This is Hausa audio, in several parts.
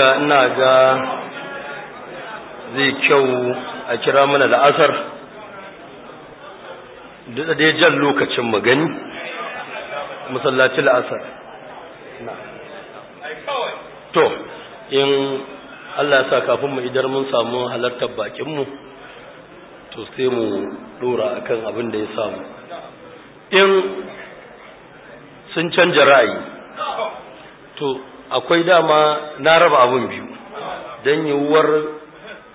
haka ina ga zai kyau a kira mana la'asar da dai jan lokacin magani masallaci la'asar to in Allah sa kafin mu idar mun samu halartar bakinmu to sai mu dora akan abin da ya samu in sun canja ra'ayi to akwai dama na raba abun biyu don yiwuwar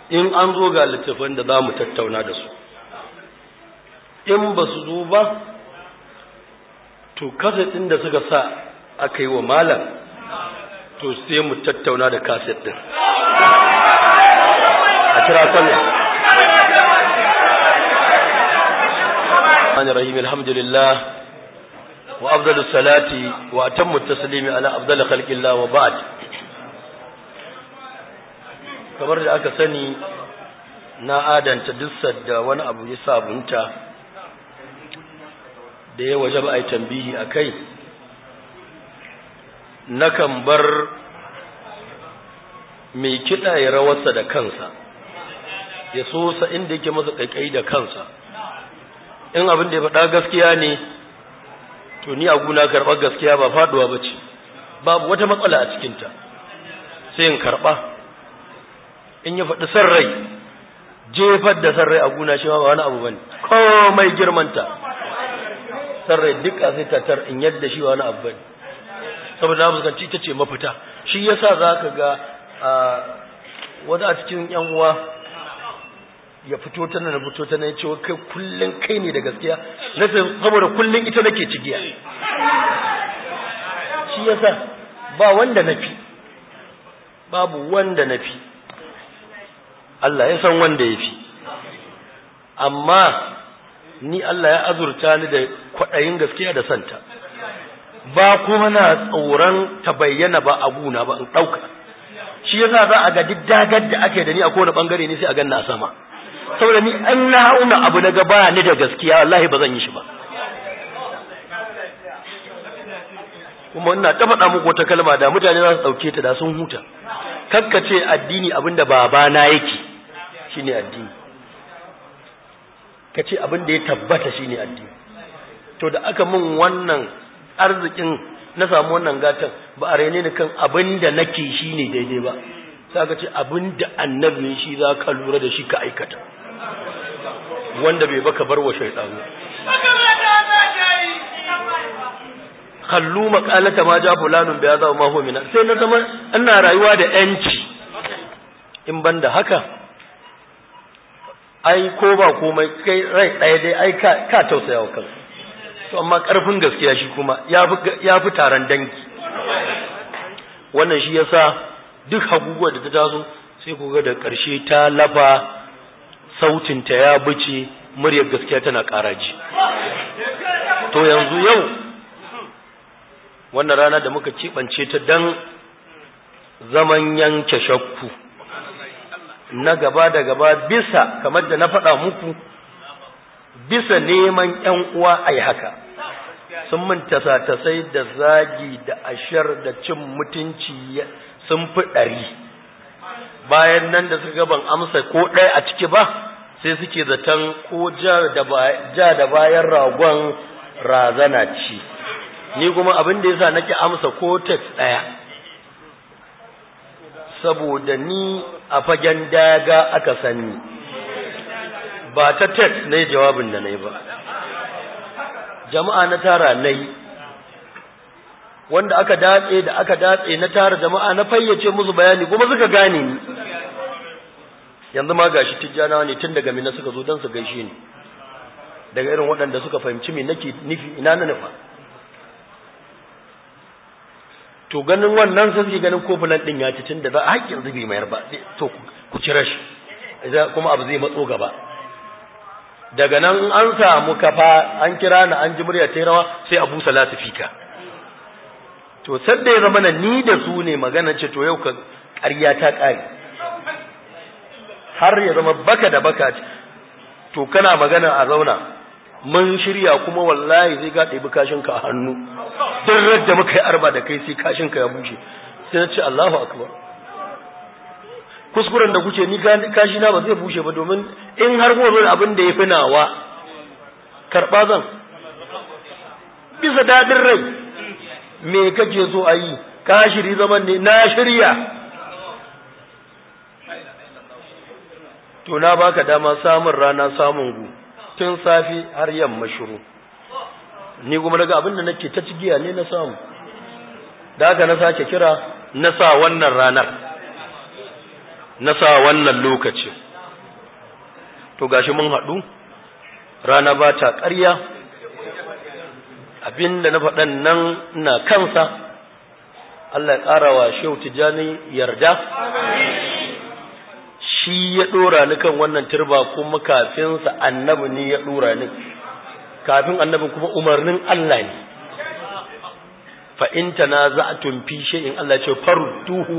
in an zo ga littafin da za mu tattauna da su in ba su zo ba to ɗin da suka sa aka yi wa malam to sai mu tattauna da kaset ɗin a kira sallah الحمد لله وأفضل الصلاة وأتم التسليم على أفضل خلق الله وبعد kamar da aka sani na adanta duk da wani abu ya sabunta da ya waje ba a tambihi a kai nakan bar mai kiɗa ya rawarsa da kansa ya sosa inda yake masa ƙaiƙai da kansa in abin da ya faɗa gaskiya ne to ni a guna karɓar gaskiya ba faɗuwa ba ce babu wata matsala a cikinta sai in karɓa in ya faɗi san rai jefar da san rai a guna shi ma ba wani abu ba ne komai girmanta san rai duk a sai tatar in yadda shi wani abu ba ne saboda na fuskanci ita ce mafita shi yasa za ka ga ah, wani a cikin yan uwa ya fito ta nan fito ta nan cewa kai kullun kai ne da gaskiya na saboda kullun ita nake cigiya shi yasa ba wanda nafi babu wanda nafi Allah ya san wanda yafi amma ni Allah ya azurta ni da kwaɗayin gaskiya da santa ba kuma na tsoron ta bayyana ba a guna ba in ɗauka shi yasa za a ga duk dagar da ake da ni a kowane bangare ne sai a ganna sama saboda ni an na auna abu na gaba ni da gaskiya wallahi ba zan yi shi ba kuma ina ta faɗa muku wata kalma da mutane za su ɗauke ta da sun huta kakkace addini abinda babana yake shine addini kace abinda ya tabbata shine addini to da aka mun wannan arzikin na samu wannan gatan ba a raine ni kan abinda nake shine daidai ba za ka ce abin da annabin shi za ka lura da shi ka aikata wanda bai baka bar wa shaidanu kallu makalata ma ja fulanun bai za ma sai na zama ina rayuwa da yanci in ban da haka ai ko ba komai kai rai ɗaya dai ai ka tausaya wa kansu to amma ƙarfin gaskiya shi kuma ya fi taron danki, wannan shi yasa duk haguguwa da ta taso sai ku da ƙarshe ta lafa sautinta ya bice muryar gaskiya tana ƙaraji to yanzu yau wannan rana da muka keɓance ta dan zaman yanke shakku na gaba da gaba bisa kamar da na faɗa muku bisa neman ‘yan uwa a yi haka sun sa ta sai da zagi da ashar da cin mutunci sun fi ɗari bayan nan da suka ban amsa ko ɗaya a ciki ba sai suke zaton ko ja da bayan ragon razana ce, ni kuma abin da yasa nake amsa ko teks ɗaya saboda ni a fagen daga aka sani ba ta tek na yi jawabin da na yi ba jama'a na tara na yi wanda aka datse da aka datse na tara jama'a na fayyace musu bayani kuma suka gane ni yanzu ma gashi tijjana ne tun daga mina suka zo don su gaishe ni daga irin waɗanda suka fahimci me nake nufi ina na nufa to ganin wannan sai suke ganin kofulan din ya ci tun da za a haƙƙin zubi mayar ba to ku cire shi kuma abu zai matso gaba daga nan an samu kafa an kira ni an ji murya ta rawa sai abu salatu fika to sadda ya zama ni da su ne magana ce to yau ka ƙarya ta ƙare har ya zama baka da baka to kana magana a zauna mun shirya kuma wallahi zai ga ɗebi kashinka a hannu duk radda muka yi arba da kai sai kashinka ya bushe sai na ce Allahu akbar kuskuren da kuce ni kashi na ba zai bushe ba domin in har kuma zo abin da ya fi nawa karɓa zan bisa daɗin rai me kake so a yi ka shiri zaman ne na shirya to na baka dama samun rana samun gu tun safi har yamma shiru ni kuma daga abinda nake ta cigiya ne na samu da haka na sake kira na sa wannan ranar na sa wannan lokaci to gashi mun haɗu rana ba ta ƙarya Abin da na faɗan nan na kansa Allah ya ƙara wa shehu tijani yarda shi ya ɗora ni kan wannan turba kuma kafinsa annabi ne ya ɗora ni kafin annabi kuma umarnin Allah ne na za a tanaza'tum shi shay'in Allah ya ce farduhu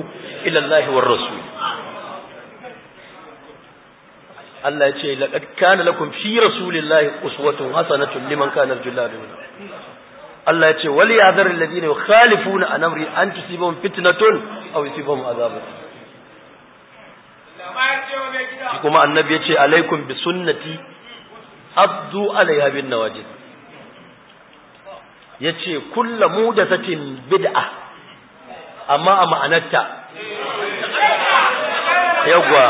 ila Allah war rasul Allah ya ce laqad kana lakum fi rasulillahi uswatun hasanatun liman kana yarjullaha Allah ya ce wal ya'dhar alladhina yukhalifuna an amri an tusibahum fitnatun aw yusibahum azabun kuma annabi ya ce alaikum bi sunnati abdu alaiha bin nawajid ya ce kulla mudasatin bid'a amma a ma'anarta yawwa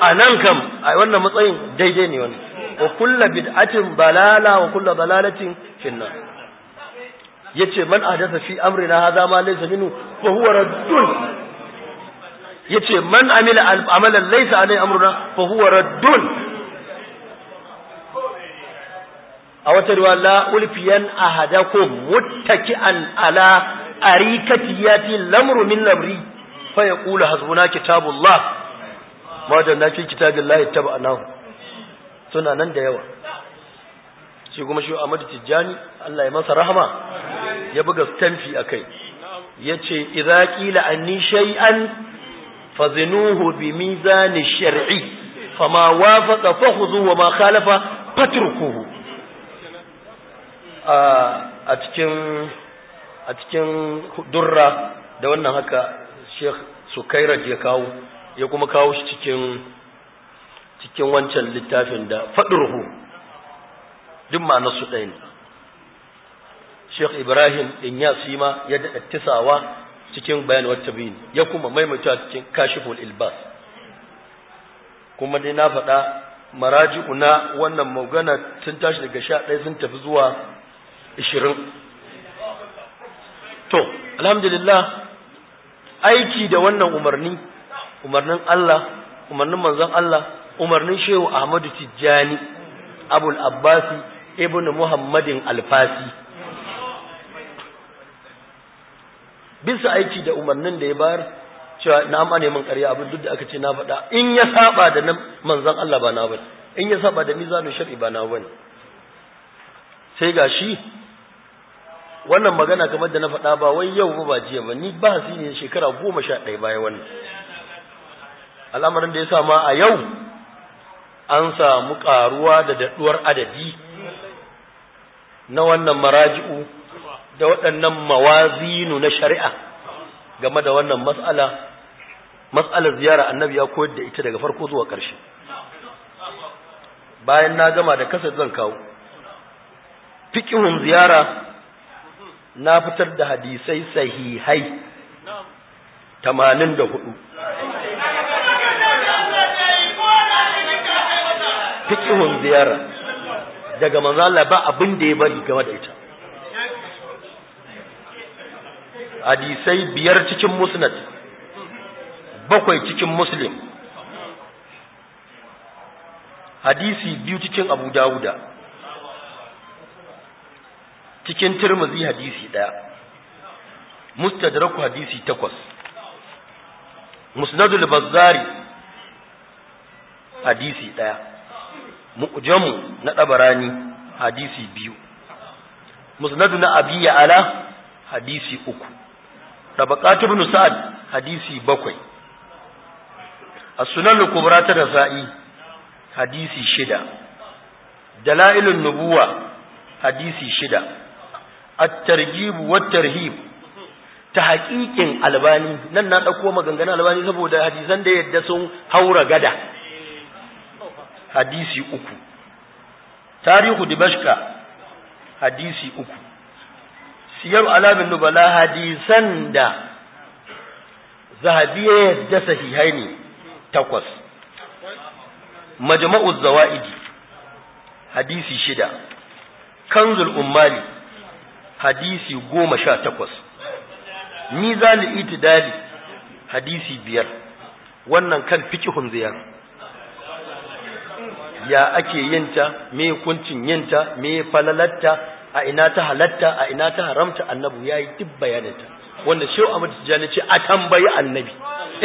a nan kam a wannan matsayin daidai ne wani, wa kulla bid'atin balala wa kulla balalatin finna yace man ahdatha fi amrina hadha ma laysa minhu fa huwa raddun yace man amila amalan laysa alai amruna fa huwa raddun a wata riwa la ulfiyan ahadakum muttaki'an ala arikati yati lamru min lamri fa yaqulu hasbuna kitabullah mawajanna fi a taba'nahu suna nan da yawa shi kuma shi Ahmad Tijjani Allah ya masa rahama ya buga stamfi akai yace idza qila anni shay'an fazinuhu bi mizan shar'i fama wafaqa fakhudhu wa ma khalafa fatrukuhu a cikin a cikin durra da wannan haka Sheikh Sukairaj ya kawo ya kuma kawo shi cikin cikin wancan littafin da faɗurhu duk ma'anar su ɗaya ne Sheikh Ibrahim ɗin ya sima ya daɗa tisawa cikin bayan wata ya kuma maimaita cikin kashiful ilbas kuma dai na faɗa na wannan magana sun tashi daga sha ɗaya sun tafi zuwa ishirin to alhamdulillah aiki da wannan umarni umarnin Allah umarnin manzon Allah umarnin shehu Ahmadu Tijjani Abul Abbasi ibn Muhammadin Alfasi bisa aiki da umarnin da ya bar cewa na amma neman ƙarya abin duk da aka ce na faɗa in ya saba da nan manzon Allah ba na bane in ya saba da mizanun shar'i ba na bane sai gashi wannan magana kamar da na faɗa ba wai yau ba ba jiya ba ni ba ne shekara goma sha ɗaya bayan wannan al'amarin da ya sa ma a yau an samu ƙaruwa da daɗuwar adadi na wannan maraji'u da waɗannan mawazinu na shari'a game da wannan matsala matsalar ziyara annabi ya koyar da ita daga farko zuwa ƙarshe bayan na gama da kasar zan kawo fikihun ziyara na fitar da hadisai sahihai hudu. fikihun ziyara daga manzo Allah ba abin da ya bari game da ita hadisai biyar cikin musnad bakwai cikin muslim hadisi biyu cikin abu dawuda cikin Turmuzi hadisi daya mustadraku hadisi takwas musnadul bazzari hadisi daya mu'jamu na ɗabarani hadisi biyu musnadu na abi ala hadisi uku tabaqat ibn sa'ad hadisi bakwai as-sunan al-kubra ta nasa'i hadisi shida dalailun nubuwa hadisi shida at-targhib wa tarhib ta haƙiƙin albani nan na ɗauko maganganun albani saboda hadisan da yadda sun haura gada hadisi uku tarihu dimashka hadisi uku siyar alamin nubala hadisan da zahabi ya yadda sahihai ne takwas majma'u zawa'idi hadisi shida kanzul ummali hadisi goma sha takwas nizali itidali hadisi biyar wannan kan fiki ziyar ya ake yinta me hukuncin yinta me falalatta a ina ta halatta a ina ta haramta annabi yayi duk bayaninta wanda shehu Ahmad Tijani ce a tambayi annabi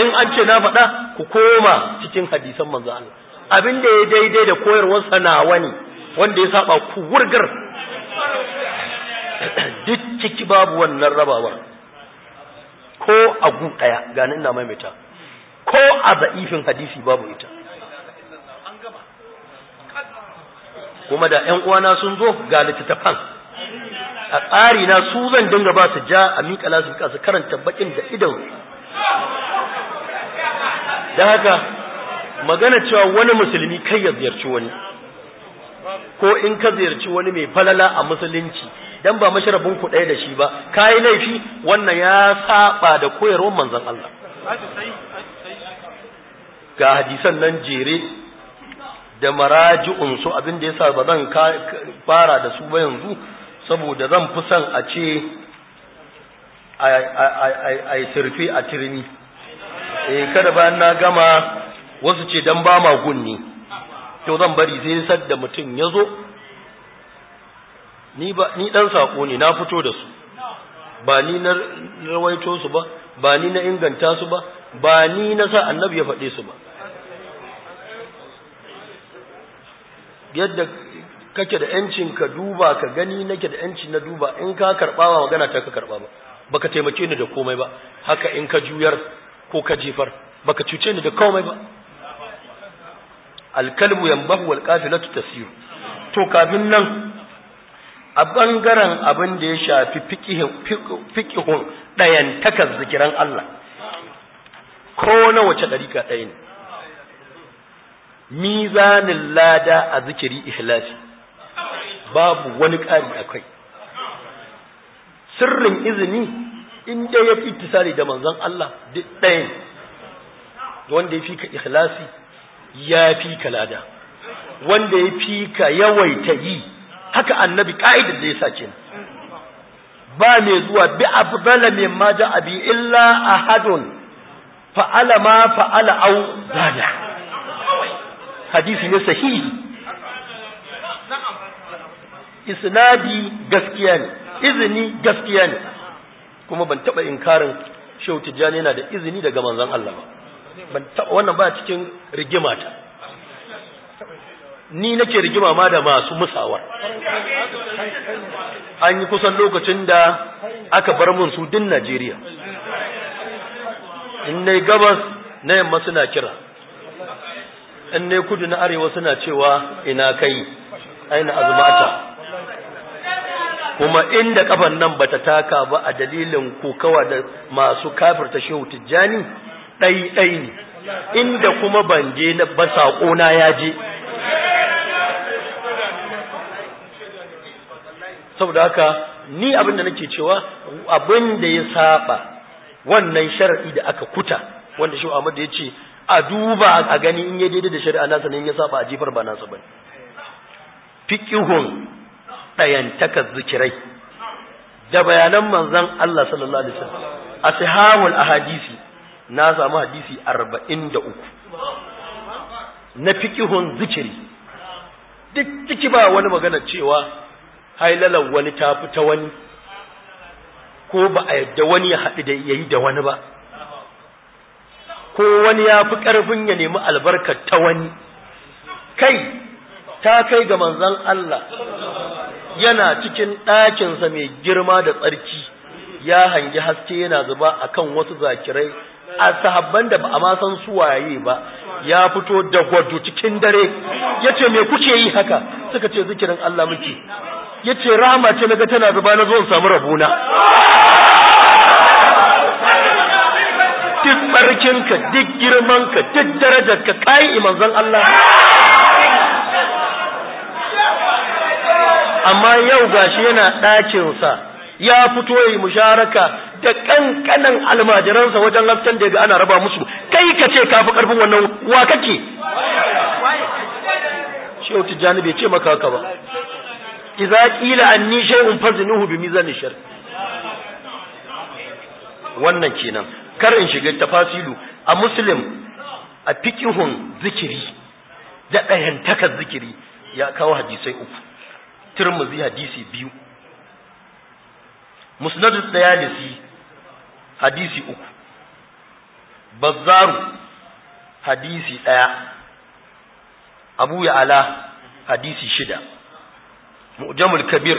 in an ce na faɗa ku koma cikin hadisan manzo Allah abin da ya daidai da koyarwar sanawa ne wanda ya saba ku wurgar duk ciki babu wannan rabawa ko a gu ganin na maimaita ko a za'ifin hadisi babu ita kuma da ƴan uwana sun zo ga littattafan a tsari na su zan dinga ba su ja a miƙa su su karanta bakin da idan da haka magana cewa wani musulmi kai ya ziyarci wani ko in ka ziyarci wani mai falala a musulunci dan ba masharabin ku ɗaya da shi ba kai laifi wannan ya saba da koyarwar manzon Allah ga hadisan nan jere da maraji'un su abin da yasa ba zan fara da su ba yanzu saboda zan fi son a ce a yi sirfi a tirmi eh kada bayan na gama wasu ce dan ba ma gunni to zan bari sai da mutum ya zo ni ba ni dan sako ne na fito da su ba ni na rawaito su ba ba ni na inganta su ba ba ni na sa annabi ya faɗe su ba yadda kake da yancin ka duba ka gani nake da yanci na duba in ka karba ba magana ta ka karba ba baka taimake ni da komai ba haka in ka juyar ko ka jefar baka cuce ni da komai ba alkalbu yanbahu wal qafilatu tasiru to kafin nan a bangaren abin da ya shafi fiqihun dayan takas Allah ko na wace dariƙa ɗaya ne mizanin lada a zikiri ihlasi babu wani ƙari akwai. sirrin izini inda ya fi tisari da manzan Allah duk ɗayan wanda ya fi ka ihlasi, ya fi ka lada wanda ya fi ka yawaita yi haka annabi ƙa'idar da ya sake ba mai zuwa bi bala mai maja abi illa ahadun fa'ala ma fa'ala au zada hadisi ne sahihi isnadi gaskiya ne izini gaskiya ne kuma ban taba inkarin shehu tijjani yana da izini daga manzon Allah ba ban taba wannan ba cikin rigima ta ni nake rigima ma da masu musawar an yi kusan lokacin da aka bar mun su din Najeriya in nayi gabas na yamma suna kira in ne kudu na arewa suna cewa ina kai aina azmata kuma inda kafan nan bata taka ba a dalilin kokawa da masu ta shehu tijjani ɗai ɗai ne inda kuma ban je ba sako ya je saboda haka ni abin da nake cewa abin da ya saba wannan shar'i da aka kuta wanda shi Ahmad ya ce a duba a gani in ya daidai da shari'a nasa ne ya saba a jifar ba nasa ba Fiƙihun ɗayantaka zikirai da bayanan manzon Allah sallallahu alaihi wasallam a ahadisi na samu hadisi arba'in 43 na fiƙihun zikiri duk ciki ba wani magana cewa hailalar wani tafi ta wani ko ba a yadda wani ya haɗu da yayi da wani ba ko wani ya fi ƙarfin ya nemi albarka ta wani kai ta kai ga manzan Allah yana cikin ɗakinsa mai girma da tsarki ya hangi haske yana zuba a kan wasu zakirai a sahabban da ba a masan san su waye ba ya fito da gwado cikin dare Ya ce mai kuke yi haka suka ce zikirin Allah muke Ya ce rama ce naga tana zuba na zo samu samu na ka duk ka duk darajarka kai manzon Allah amma yau gashi yana ɗakinsa ya fito yi musharaka da ƙanƙanan almajiransa wajen laftan da ga ana raba musu kai ka ce kafi ƙarfin wannan wa kake shehu tijjani bai ce maka haka ba idza qila ni shay'un fazinuhu bi mizan shar wannan kenan kar in shiga tafasilu a muslim a fikihun zikiri da ɗayantakar zikiri ya kawo hadisai uku turmuzi hadisi biyu musnadu tsayalisi hadisi uku bazzaru hadisi ɗaya abu ya'ala hadisi shida mu'jamul kabir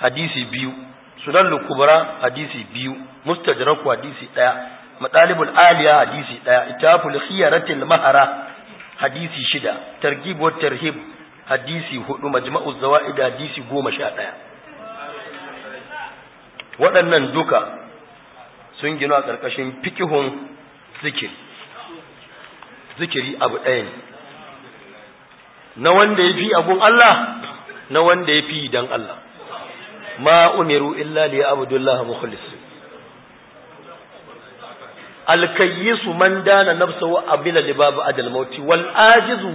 hadisi biyu sunan lukubra hadisi biyu mustajraku hadisi daya matalibul aliya hadisi daya itaful khiyaratil mahara hadisi shida targhib wa tarhib hadisi hudu majma'u zawaid hadisi goma sha waɗannan duka sun gina a ƙarƙashin fikihun zikir zikiri abu ɗaya na wanda yafi fi abun Allah na wanda ya dan Allah ma umiru illa li abdullah mukhlis alkayyisu man dana nafsahu abila libab adal mauti wal ajizu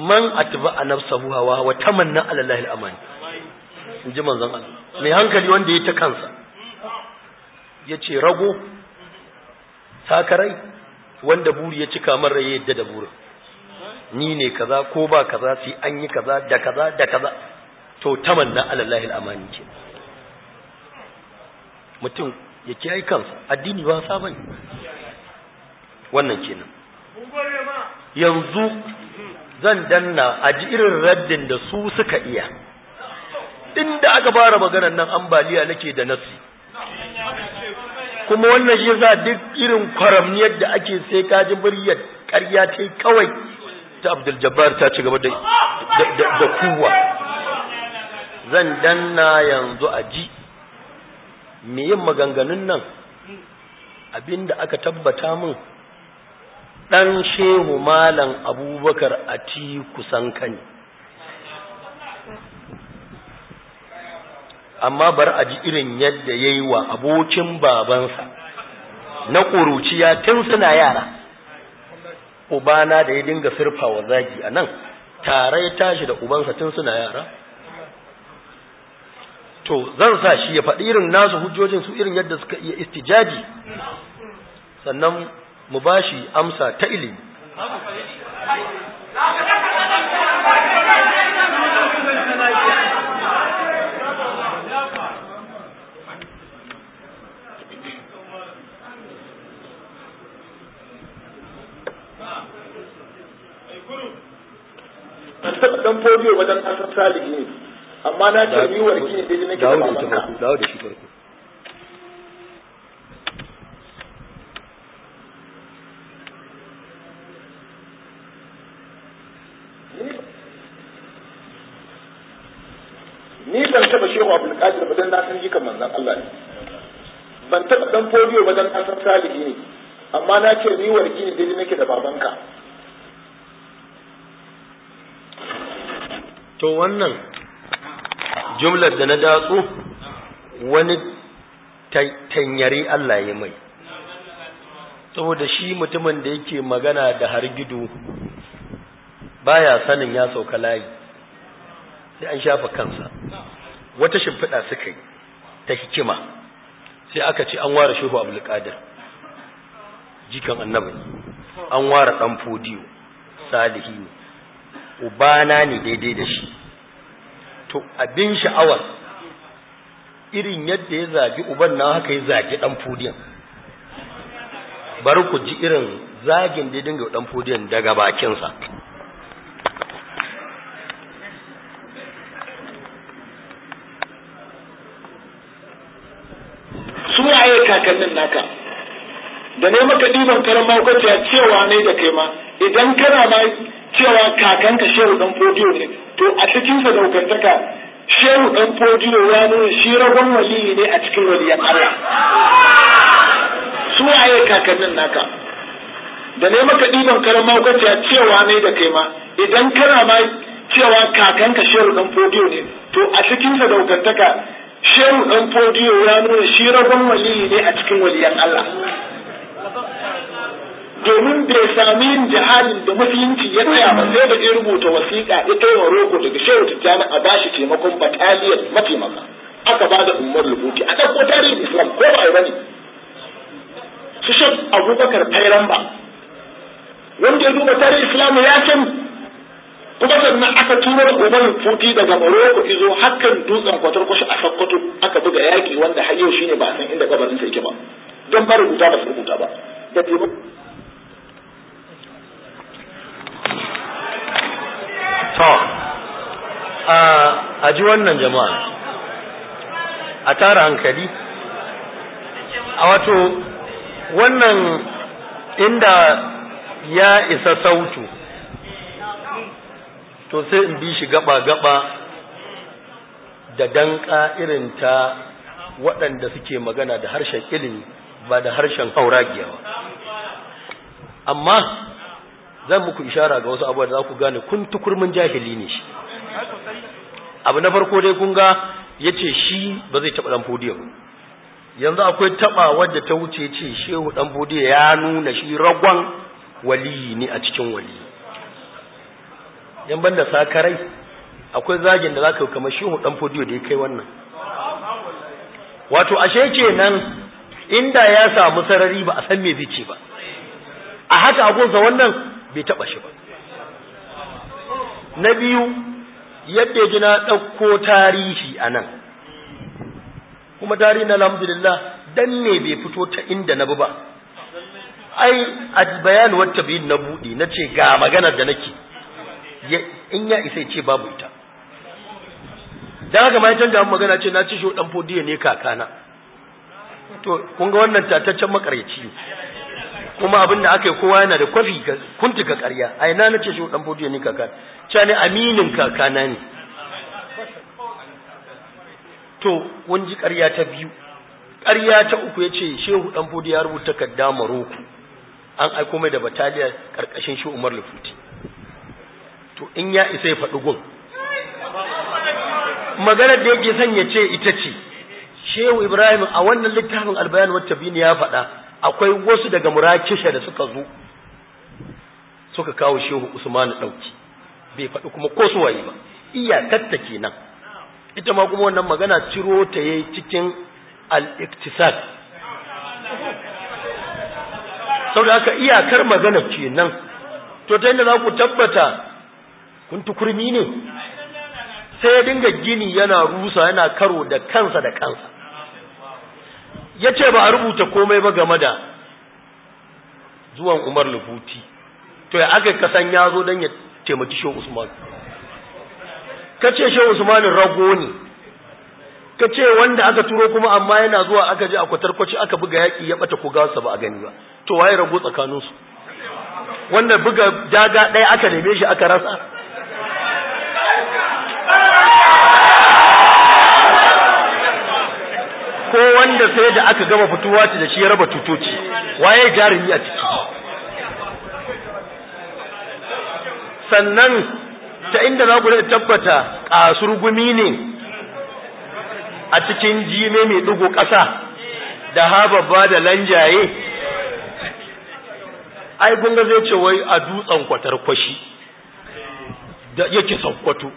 man atba nafsahu hawa wa tamanna ala allahi al-aman hankali wanda ya ta kansa yace rago takarai wanda buri ya cika man rai yadda da burin ni ne kaza ko ba kaza sai an yi kaza da kaza da kaza to tamanna ala Allah al ke mutum ya kiyaye kansa addini ba sa wannan kenan yanzu zan danna a ji irin raddin da su suka iya inda aka fara maganar nan ambaliya nake da nasi kuma wannan shi yasa duk irin kwaramniyar da ake sai kaji muryar ƙarya ta kawai ta Abdul Jabbar ta ci gaba da da kuwa zan danna yanzu a ji me yin maganganun nan abinda aka tabbata min dan shehu malam abubakar a ti kusan kani amma bar a ji irin yadda ya yi wa abokin babansa na ƙuruciya tun suna yara ubana da ya dinga sirfa wa zagi a nan tare ya tashi da ubansa tun suna yara to zan sa shi ya faɗi irin nasu hujjojin su irin yadda suka iya istijaji sannan mu ba shi amsa ta ilimi dan fobiyo wajen asar salihi amma na ce ni warki ne sai nake da babanka dawo da shi farko ni ban taba shehu abul qadir ba dan na san jikan manzon Allah ne ban taba dan fodiyo ba dan an san salihi ne amma na ce ni warki ne dai nake da babanka to wannan jumlar da na datsu wani tanyari Allah ya mai saboda shi mutumin da yake magana da har hargidu baya sanin ya sauka layi sai an shafa kansa wata shimfiɗa suka yi ta hikima sai aka ce an ware shehu lukadar jikan annabi an ware ɗan fodiyo salihi ubana ne daidai da shi to abin sha'awar irin yadda ya zagi uban nan haka ya zagi dan fudiyan. bari ku ji irin zagin da ya dinga dan fudiyan daga bakinsa su waye kakannin naka da ne maka diban karan mahaukaciya cewa ne da kai ma idan kana ma cewa kakanka shehu dan fodiyo ne to a cikin sadaukantaka shehu dan fodiyo ya nuna shi ragon waliyi ne a cikin waliyan Allah su waye kakannin naka da ne maka ɗiban karama ta cewa ne da kai ma idan kana ma cewa kakanka shehu dan fodiyo ne to a cikin sadaukantaka shehu dan fodiyo ya nuna shi ragon waliyi ne a cikin waliyan Allah domin bai sami yin jihadin da mafiyanci ya tsaya ba sai da in rubuta wasiƙa ya kai roko daga Shehu Tijjani a bashi taimakon bataliyar mataimaka aka ba da Umar rubuti a ɗauko tarihin Islam ko ba a bane su shan Abubakar Tairan ba wanda ya duba tarihin Islam ya san kuma sannan aka tura da Umar rubuti daga Maroko izo hakan dutsen kwatarkwashi a Sokoto aka buga yaƙi wanda har yau shine ba a san inda kabarin sa yake ba don ba rubuta ba su rubuta ba da a ji wannan jama'a a tara hankali a wato wannan inda ya isa sautu to sai in bi shi gaba-gaba da danka irin ta waɗanda suke magana da harshen ilimi ba da harshen hauragiya ba amma zan muku ishara ga wasu abuwa da za ku gane kun tukurmin jahili ne shi abu na farko dai kun ga ce shi ba zai taba dan fodiyo yanzu akwai taɓa wadda ta wuce ce shehu ɗan fodiyo ya nuna shi ragon wali ne a cikin wali yan banda sakarai akwai zagin da za zaka kamar shehu ɗan fodiyo da ya kai wannan wato ashe kenan inda ya samu sarari ba a san me zai ba a haka agonsa wannan bai taɓa shi ba na biyu yadda ji na ɗauko tarihi a nan kuma tarihi na alhamdulillah dan ne bai fito ta inda na bi ba ai a bayan wata biyu na buɗe na ce ga maganar da nake in ya isa ce babu ita Dan haka mai canja magana ce na ci shi ɗan fodiyo ne kakana to kun ga wannan tataccen makaryaci kuma abin da aka yi kowa yana da kwafi kuntuka karya a ina na ce shi ɗan fodiyo ne kakana cewa aminin kakana ne to wani ji ƙarya ta biyu karya ta uku ya ce shehu ɗan fodi ya rubuta kadda maroko an aiko mai da bataliya ƙarƙashin shi umar lufuti to in ya isa ya faɗi gun maganar da yake son ya ce ita ce shehu ibrahim a wannan littafin albayan wata ne ya faɗa akwai wasu daga murakisha da suka zo suka kawo shehu usmanu ɗauki bai faɗi kuma ko su waye ba iyakarta kenan ita ma kuma wannan magana ciro ta yayi cikin al-iktisad saboda haka iyakar magana kenan to ta yadda za ku tabbata kun tukurmi ne sai ya dinga gini yana rusa yana karo da kansa da kansa ya ce ba a rubuta komai ba game da zuwan umar lubuti to ya aka kasan ya zo don ya taimaki shehu usman ka ce shehu usman rago ne ka ce wanda aka turo kuma amma yana zuwa aka ji a kwatarkwaci aka buga yaki ya bata kugarsa ba a gani ba to waye rago tsakaninsu wanda buga daga ɗaya aka neme shi aka rasa ko wanda sai da aka gama fitowa da shi ya raba tutoci waye jarumi a ciki sannan ta inda za ku tabbata kasur gumi ne a cikin jime mai dugu ƙasa da hababba da lanjaye ai gunga zai ce wai a dutsen kwatar kwashi da yake sankwato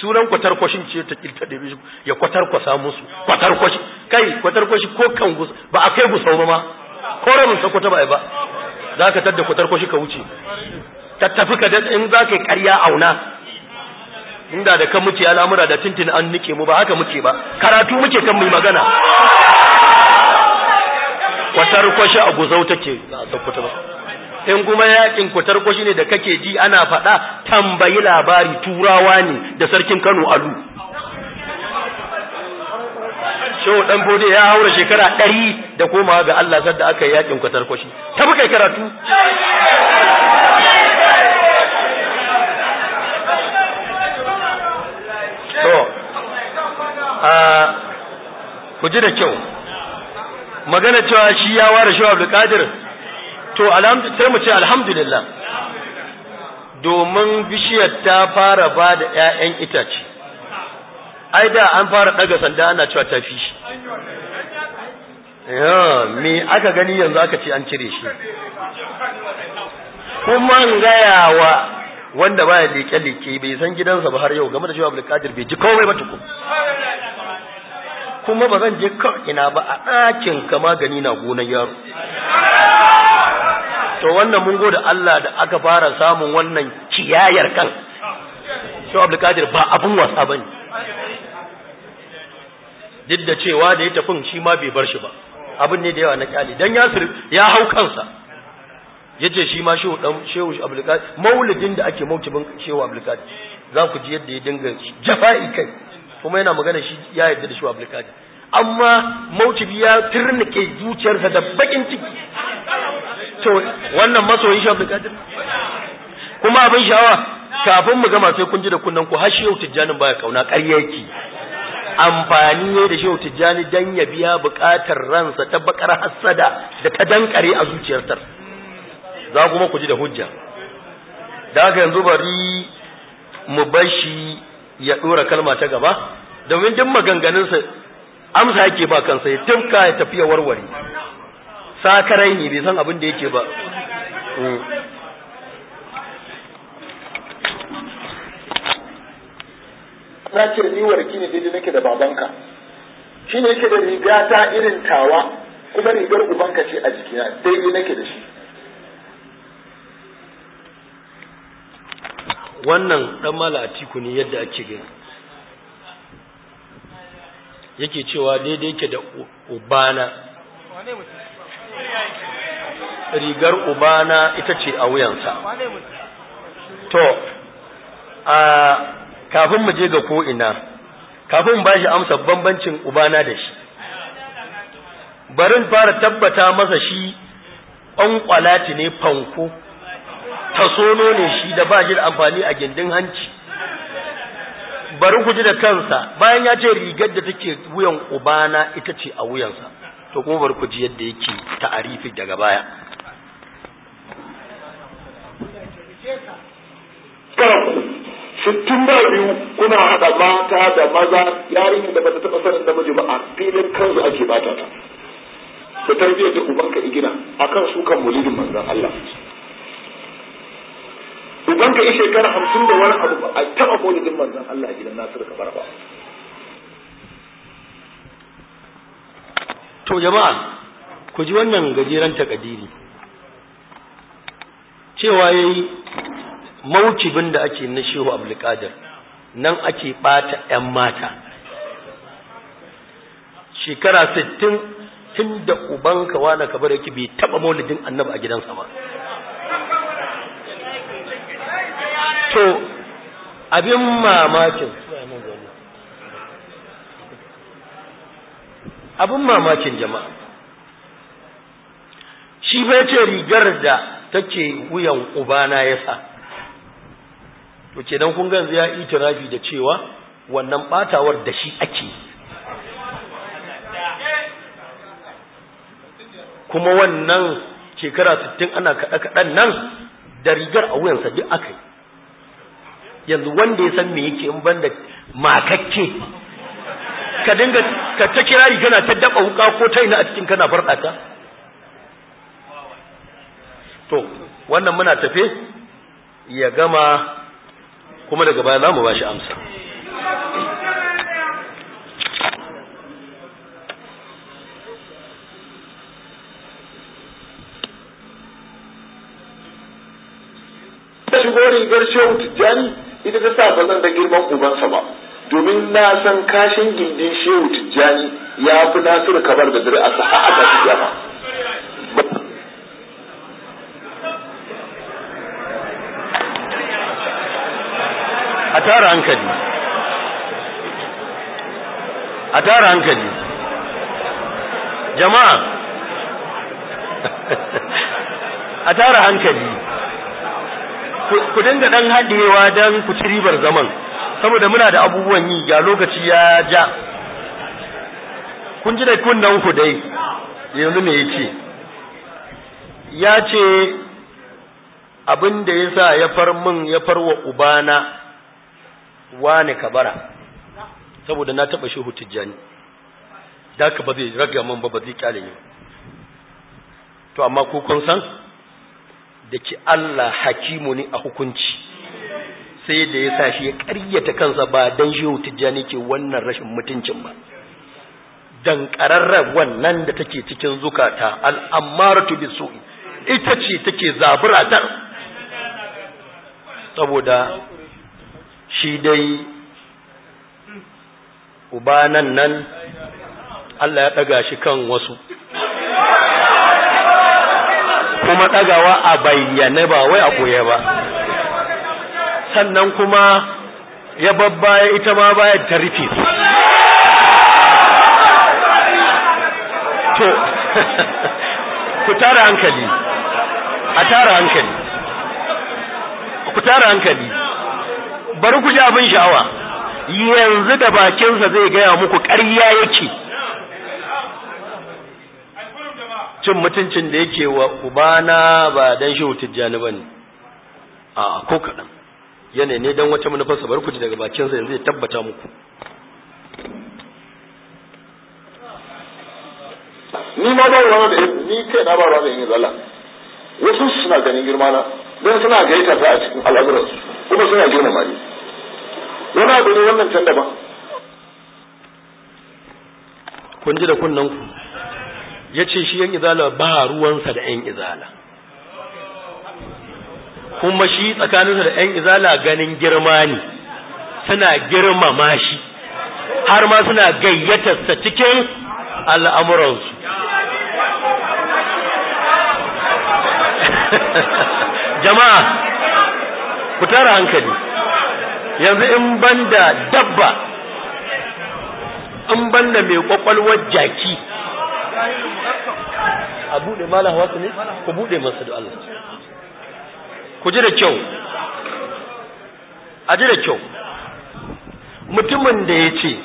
sunan kwatar kwashin ce ta kilta da ya kwatar kwasa musu kwatar kwashi kai kwatar kwashi ko kan gusa ba a kai gusau ba ma ko mun sakwata ba ba za ka tadda kwatar kwashi ka wuce tattafi ka in zaka yi ƙarya auna inda da kan muke al'amura da tintin an nike mu ba haka muke ba karatu muke kan mai magana kwatar kwashi a guzau take ba in kuma yakin kwatar kwashi ne da kake ji ana faɗa tambayi labari turawa ne da sarkin kano alu shehu dan bode ya haura shekara ɗari da komawa ga allah sadda aka yi yakin kwatar kwashi ta kai karatu ku ji da kyau magana cewa shi ya ware shi Abdul Qadir to sai mu ce alhamdulillah domin bishiyar ta fara ba da ƴaƴan itace ai da an fara daga sanda ana cewa ta fi shi me aka gani yanzu aka ce an cire shi kuma gayawa wanda baya leke leke bai san gidansa ba har yau game da cewa Abdulkadir bai ji komai ba tukun kuma ba zan je kawai ina ba a ɗakin kama magani na gonar yaro to wannan mun da Allah da aka fara samun wannan kiyayar kan shi Abdulkadir ba abun wasa bane duk da cewa da ya tafin shi ma bai bar shi ba abin ne da yawa na kyali dan Yasir ya hau kansa yace shi ma shehu dan shehu abdulkadir maulidin da ake mautibin shehu abdulkadir za ku ji yadda ya dinga jafa'i kai kuma yana magana shi ya yadda da shehu abdulkadir amma mautibi ya turnike zuciyarsa da bakin ciki to wannan masoyin shehu abdulkadir kuma abin sha'awa kafin mu gama sai kun ji da kunnan ku har shehu Tijjani baya kauna ƙarya amfani ne da shehu tijjani dan ya biya buƙatar ransa ta bakar hassada da ta dankare a zuciyarsa za kuma ku ji da hujja da aka yanzu bari mu bashi ya dora kalma ta gaba domin duk maganganunsa amsa yake ba kansa ya tumka ya tafiya warware sakarai ne bai san abin da yake ba mm. na ce ni warki ne daidai nake da babanka shi ne yake da riga ta irin tawa kuma rigar ubanka ce a jikina daidai nake da shi wannan dan mala atiku ne yadda ake gani yake cewa daidai ke da ubana rigar ubana ita ce a wuyansa to a kafin mu je ga ko'ina, ina kafin ba shi amsa bambancin ubana da shi barin fara tabbata masa shi ƙwanƙwalati ne fanko tasono ne shi da ba shi da amfani a gindin hanci bari ku ji da kansa bayan ya ce rigar da take wuyan ubana ita ce a wuyansa to kuma bari ku ji yadda yake ta'arifi daga baya sittin da biyu kuna haɗa mata da maza yarinya da bata taɓa sanin namiji ba a filin kansu ake bata ta da tarbiyyar da ubanka igina kan sukan mulidin manzan Allah ka yi shekara hamsin da wani abu ba a taɓa jikin manzan Allah a gidan Nasiru Kabar ba to jama'a ku ji wannan gajeren takadiri cewa ya yayi maukibin da ake na Shehu Abdulkadir nan ake ɓata yan mata shekara sittin tun da ubanka wani kabar yake bai taɓa maulidin annabi a gidansa ba to abin mamakin abin mamakin jama'a shi ba ce rigar da take wuyan ubana ya sa to kenan kun ganzu ya itirafi da cewa wannan batawar da shi ake kuma wannan shekara 60 ana kaɗa-kaɗan nan da rigar a wuyan duk aka yi yanzu wanda ya san me yake in banda makakke ka dinga ka ta kirari kana ta daba wuka ko ta ina a cikin kana farɗata to wannan muna tafe ya gama kuma daga baya zamu bashi ba amsa shigo rigar ita ta sa ba zan da girman ubansa ba domin na san kashin gindin shehu tijjani ya fi nasiru kamar da dare a sa'a a tashi jama a tara hankali a tara hankali jama'a a tara hankali ku dinga dan haɗewa dan ku ci ribar zaman saboda muna da abubuwan yi ga lokaci ya ja kun ji da kunnan ku dai yanzu me yake ya ce abin da ya sa ya far min ya farwa ubana wani kabara saboda na taɓa shehu tijjani da ka ba zai raga min ba ba zai kyale ni to amma ku kun san da ki Allah hakimu ne a hukunci sai da ya sa shi ya ƙaryata kansa ba dan shehu tijjani ke wannan rashin mutuncin ba don ƙararren wannan da take cikin zukata al'ammaratu bisu'i ita ce take zaburatar saboda shi dai ubanan nan Allah ya ɗaga shi kan wasu kuma ɗagawa a bayyane ba wai a koya ba sannan kuma ya babbaya ita ma baya ta rufe to ku tara hankali a tara hankali ku tara hankali bari ku ji abin sha'awa yanzu da bakinsa zai gaya muku ƙarya yake cin mutuncin da yake wa ubana ba dan shehu jani ba ne a ko kaɗan yanayi ne don wata manufarsa sabar kuji daga bakinsa yanzu ya tabbata muku ni ma ba ruwa da ni kai na ba ruwa da yin zala wasu suna ganin girma na don suna gaita ta a cikin al'amuransu kuma suna girmama ne. wani abu ne wannan can daban kun ji da kunnen ku ya ce shi yan izala ba ruwansa da yan izala kuma shi tsakaninsa da yan izala ganin girma ne suna girmama shi har ma suna gayyatarsa cikin al'amuransu jama'a ku tara hankali yanzu in banda dabba in banda mai kwakwalwar jaki a buɗe malam wasu ne ku buɗe masu da Allah ku ji da kyau a ji da kyau mutumin da ya ce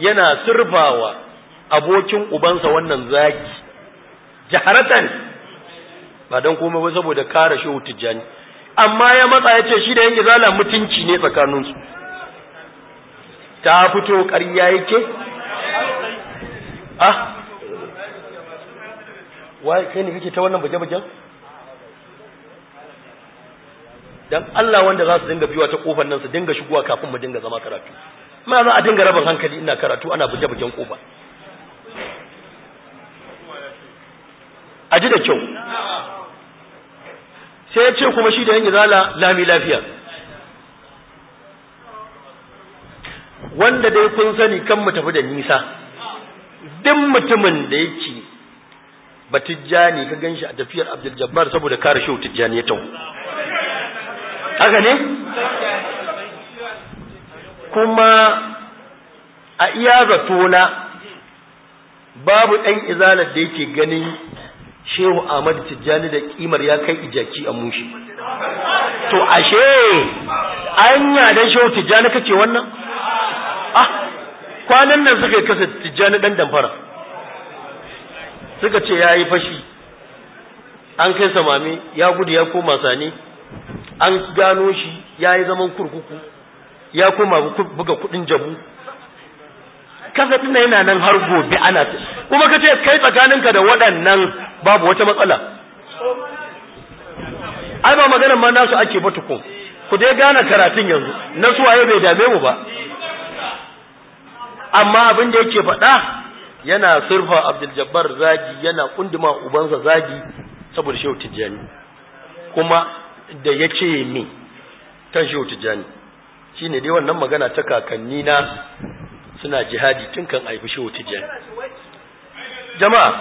yana surfawa abokin ubansa wannan zaki, jaharatan ba don komai ba saboda kare shehu tijjani amma ya matsa ya ce shi da yanke zala mutunci ne tsakaninsu ta fito karya yake ah waye kai ne kake ta wannan baje-bajen dan Allah wanda za su dinga biwa ta kofar nan su dinga shigowa kafin mu dinga zama karatu ma za a dinga rabin hankali ina karatu ana baje-bajen kofa Aji da kyau sai ya ce kuma shi da yan gizala lami lafiya wanda dai kun sani kan mu tafi da nisa duk mutumin da yake ba tijjani ka ganshi a tafiyar Abdul Jabbar saboda kare shi tijjani ya tau haka ne kuma a iya tona babu ɗan izalar da yake ganin shehu Ahmad Tijjani da kimar ya kai ijaki a mushi to ashe anya dan shehu Tijjani kake wannan ah kwanan nan suka yi kasa Tijjani dan damfara suka ce ya yi fashi an kai samame ya gudu ya koma sani an gano shi ya yi zaman kurkuku ya koma buga kudin jabu kasafin na yana nan har gobe ana kuma ka ce kai tsakaninka da waɗannan babu wata matsala ai ba maganin ma nasu ake ba tukun ku dai gane karatun yanzu na suwaye bai dame mu ba amma abin da yake faɗa yana surfa abdul jabbar zagi yana kunduma ubansa zagi saboda shehu tijjani kuma da ya ce min kan shehu tijjani shine dai wannan magana ta kakanni na suna jihadi tun kan aifi shehu tijjani jama'a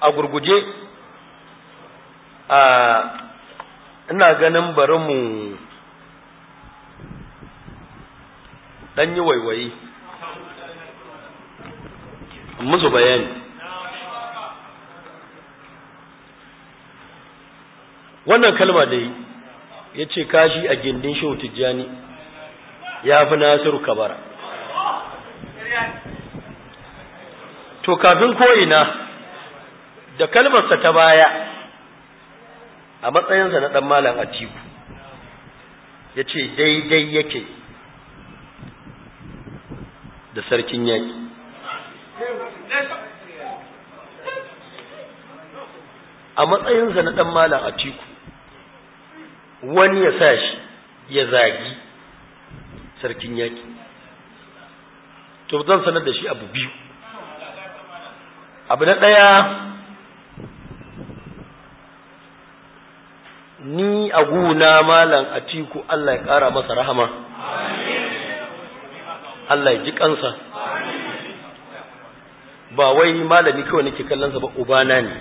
a gurguje a ina ganin bari mu dan yi waiwayi musu bayani wannan kalma da yi ya ce kashi a gindin shehu tijjani ya fi nasiru kabara to kafin ko'ina da kalmarsa ta baya a matsayinsa na ɗan malam atiku ya ce daidai yake da sarkin yaki. a matsayinsa na ɗan malam a tiku wani ya sa shi ya zagi sarkin yaƙi to zan sanar da shi abu biyu abu na ɗaya ni a guna malam a tiku Allah ya ƙara masa rahama Allah ya ji kansa ba wai malami kawai nake kallon sa ba ubana ne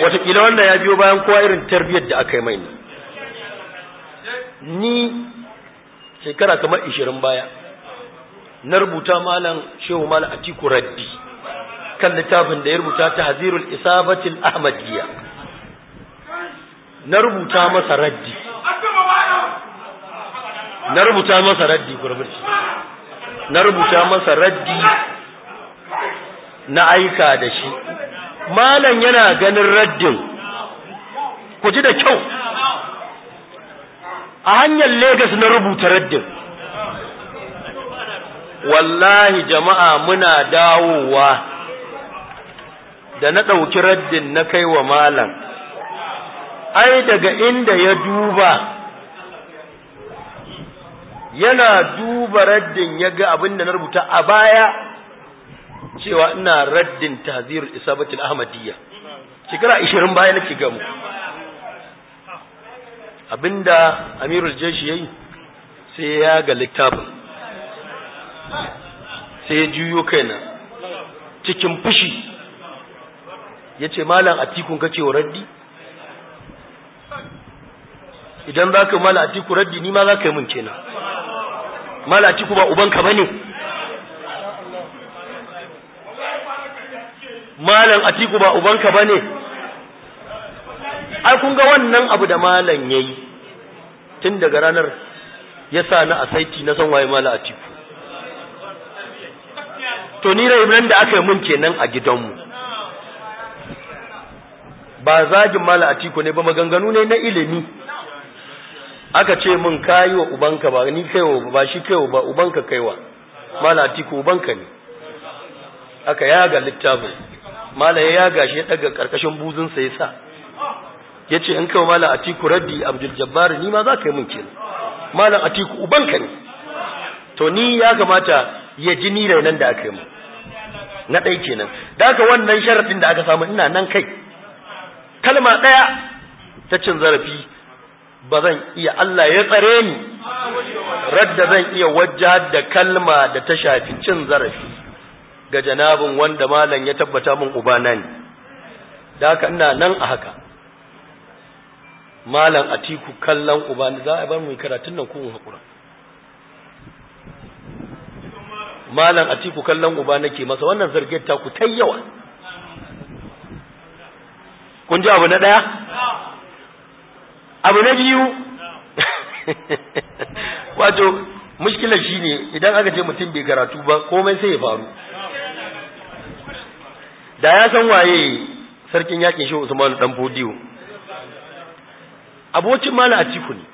watakila wanda ya biyo bayan kowa irin tarbiyyar da aka yi mai ni shekara kamar ishirin baya na rubuta malam shehu malam atiku raddi kan littafin da ya rubuta ta hazirul isabatil ahmadiyya na rubuta masa raddi na rubuta masa raddi shi na rubuta masa raddi na aika da shi malam yana ganin raddin ku ji da kyau a hanyar Legas na rubuta raddin wallahi jama'a muna dawowa da na ɗauki raddin na kai wa malam ai daga inda ya duba yana duba raddin ya ga abin da na rubuta a baya cewa ina raddin tahzir isabatul ahmadiyya shekara 20 baya nake gamu abinda amirul jeshi yayi sai ya ga littafin sai ya juyo kaina cikin fushi yace malam atikun kace wa raddi idan zaka malam atiku raddi ni ma zaka yi mun kenan malaci kuma ba ubanka bane malam atiku ba ubanka bane ai kun ga wannan abu da malam yayi tun daga ranar ya sa na a saiti na san waye malam atiku to ni Ibrahim da aka yi mun kenan a gidanmu ba zagin malam atiku ne ba maganganu ne na ilimi aka ce min kayi wa ubanka ba ni kaiwa ba shi kaiwa ba ubanka kaiwa mala tiku ubanka ne aka yaga littafin mala ya yaga shi ya daga karkashin buzun sa yasa yace in kaiwa mala atiku raddi abdul jabbar ni ma za ka yi min kenan mala atiku ubanka ne to ni ya kamata ya ji ni nan da aka yi min na dai kenan da ka wannan sharadin da aka samu ina nan kai kalma ɗaya ta cin zarafi ba zan iya Allah ya tsare ni radda zan iya wajjar da kalma da ta shafi cin zarafi ga janabin wanda malam ya tabbata min ubana ne da haka ina nan a haka malam atiku kallon ubana za a bar mu karatun nan mu hakura malam atiku kallon uba nake masa wannan zargin ta ku tayyawa kun ji abu na daya abu na biyu wato mushkilar ne idan aka ce mutum bai karatu ba komai sai ya faru da ya san waye sarkin yakin shi usman dan fodiyo abocin mala a ciku ne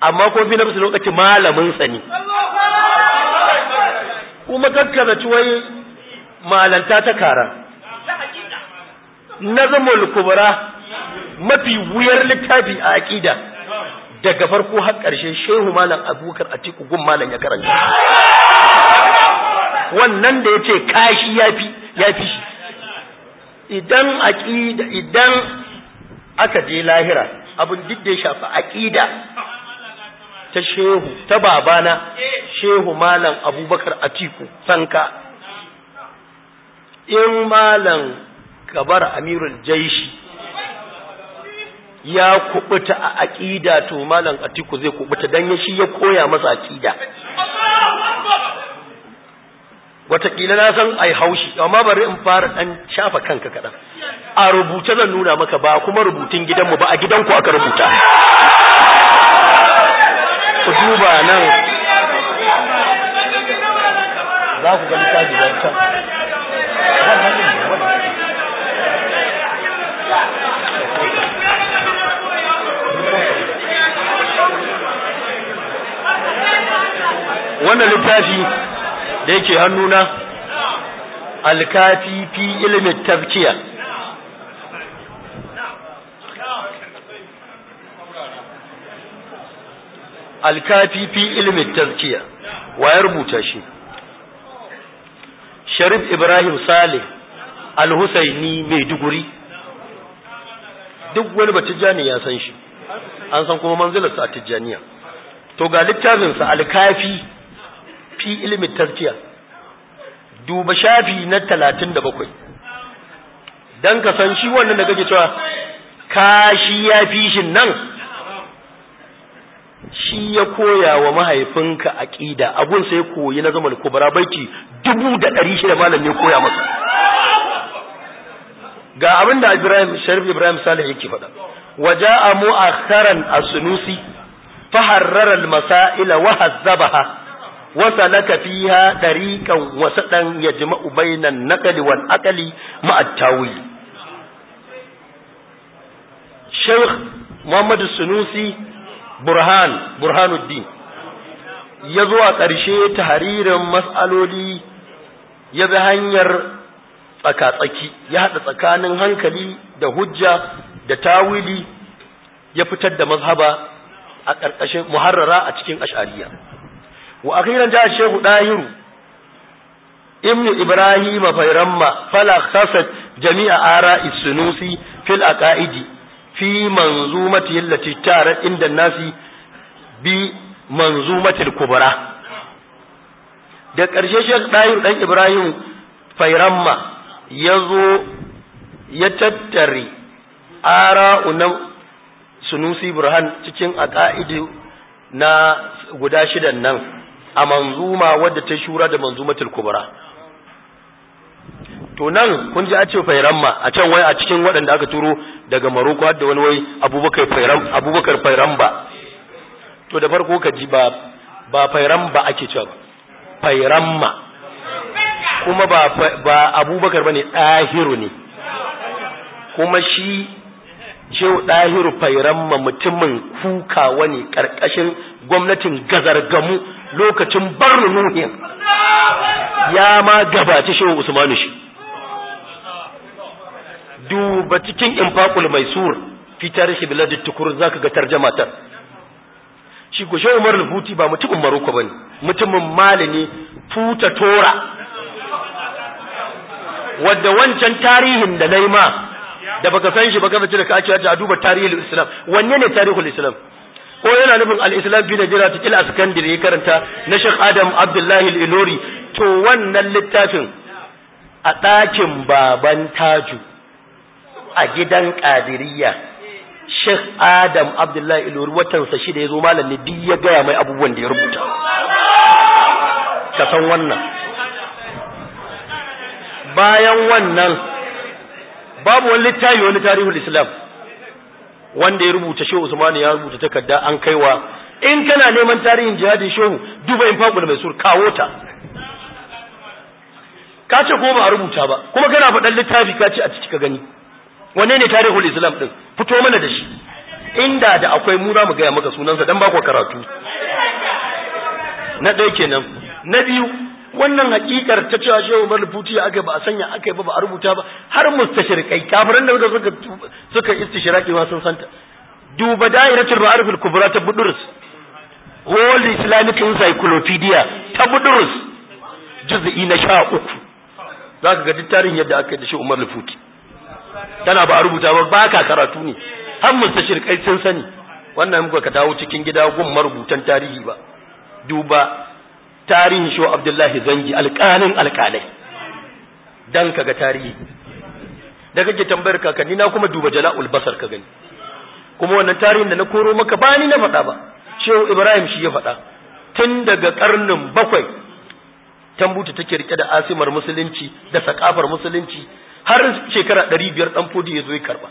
amma ko fi nafsu lokaci malamin tsani kuma kankana tuwai malanta ta kara nazamul kubra mafi wuyar littafi a aƙida daga farko har ƙarshe shehu malam abubakar atiku gun malam ya karanta wannan da ya ce kashi ya fi shi idan aqida idan aka je lahira abin duk da ya shafi aƙida ta shehu ta babana shehu malam abubakar atiku sanka in malam kabar amirul jaishi ya kubuta a aƙida to malam atiku zai kubuta dan ya shi ya koya masa aƙida wataƙila na san ai haushi amma bari in fara ɗan shafa kanka kaɗan a rubuta zan nuna maka ba kuma rubutun gidanmu ba a gidanku aka rubuta ku duba nan za ku ga littafi can wannan littafi da yake hannuna alkafi fi ilimi tafkiya alkafi fi ilimi tafkiya. wa ya rubuta shi sharif ibrahim saleh al mai maiduguri duk wani batijani ya san shi an san kuma manzilarsa a tijjaniya to ga littafinsa alkafi fi ilimin tazkiya duba shafi na talatin bakwai dan ka san shi wannan da kake cewa kashi ya fi shi nan shi ya koya wa mahaifinka ƙida abun sai koyi na da ɗari shi da malam ne koya masa ga abin da Ibrahim Sharif Ibrahim Salih yake faɗa waja'a mu'akharan as-sunusi faharrara al-masaila wa hazzabaha وسلك فيها طريقا وسطا يجمع بين النقل والعقل مع التاويل شيخ محمد السنوسي برهان برهان الدين yazo a ƙarshe tahririn mas'aloli ya bi hanyar tsaka-tsaki ya haɗa tsakanin hankali da hujja da tawili ya fitar da mazhaba a ƙarƙashin muharrara a cikin ash'ariya wa akhiran ja shehu dahiru ibnu ibrahim fairamma fala khasat jami'a ara'i sunusi fil aqaidi fi manzumati allati tara, inda nasi bi manzumati al-kubra da ƙarshe shek dahiru dan ibrahim fairamma yazo ya tattari ara'u na sunusi burhan cikin aqaidu na guda shidan nan a manzuma wadda ta shura da manzumatul kubra to nan kun ji a ce fairamma a can wai a cikin waɗanda aka turo daga maroko har da wani wai abubakar fairam abubakar to da farko ka ji ba ba ake cewa fairamma kuma ba ba abubakar bane dahiru ne kuma shi Shau ɗahiru ma mutumin kuka wani ƙarƙashin gwamnatin gazargamu lokacin barnu nuhin ya ma gabaci shehu usmanu shi duba cikin mai sur fitar shi bilar tukur za ga gatar jamatar shi ku shi umar rubuti ba mutumin maroko ba ne. mutumin mali ne futa tora wadda wancan tarihin da yi ma da baka san shi ba fice da ka ce a duba tarihul islam wanne ne tarihul islam ko yana nufin al-islam bi najira ta kila askandar ya karanta na Sheikh Adam Abdullahi al-Ilori to wannan littafin a ɗakin baban Taju a gidan Qadiriyya Sheikh Adam Abdullahi al-Ilori watan sa shi da yazo malami duk ya gaya mai abubuwan da ya rubuta ka san wannan bayan wannan babu wani littafi wani tarihin islam wanda ya rubuta shehu usman ya rubuta takarda an kaiwa in kana neman tarihin jihadin shehu duba in da mai sur kawo ta ka ce ko ba a rubuta ba kuma kana faɗan littafi ka ce a ciki ka gani wanne ne tarihin islam din fito mana da shi inda da akwai mu za mu gaya maka sunansa dan ba ku karatu na ɗaya kenan na biyu wannan hakikar ta cewa shehu Umar Futi aka ba a sanya aka ba ba a rubuta ba har kai kafiran da suka suka istishraki ma sun santa duba da'iratul ma'arif kubra ta Budurus World Islamic Encyclopedia ta Budurus juz'i na 13 zaka ga tarihin yadda aka yi da shehu Umar Futi tana ba a rubuta ba ba ka karatu ne har kai sun sani wannan muka ka dawo cikin gida gun marubutan tarihi ba duba tarihin shi Abdullahi Zangi alƙalin alƙalai dan kaga tarihi da kake tambayar kakanni na kuma duba jala'ul basar ka gani kuma wannan tarihin da na koro maka ba ni na faɗa ba shehu ibrahim shi ya faɗa tun daga karnin bakwai tambuta take rike da asimar musulunci da sakafar musulunci har shekara ɗari biyar ɗan fodi ya zo ya karɓa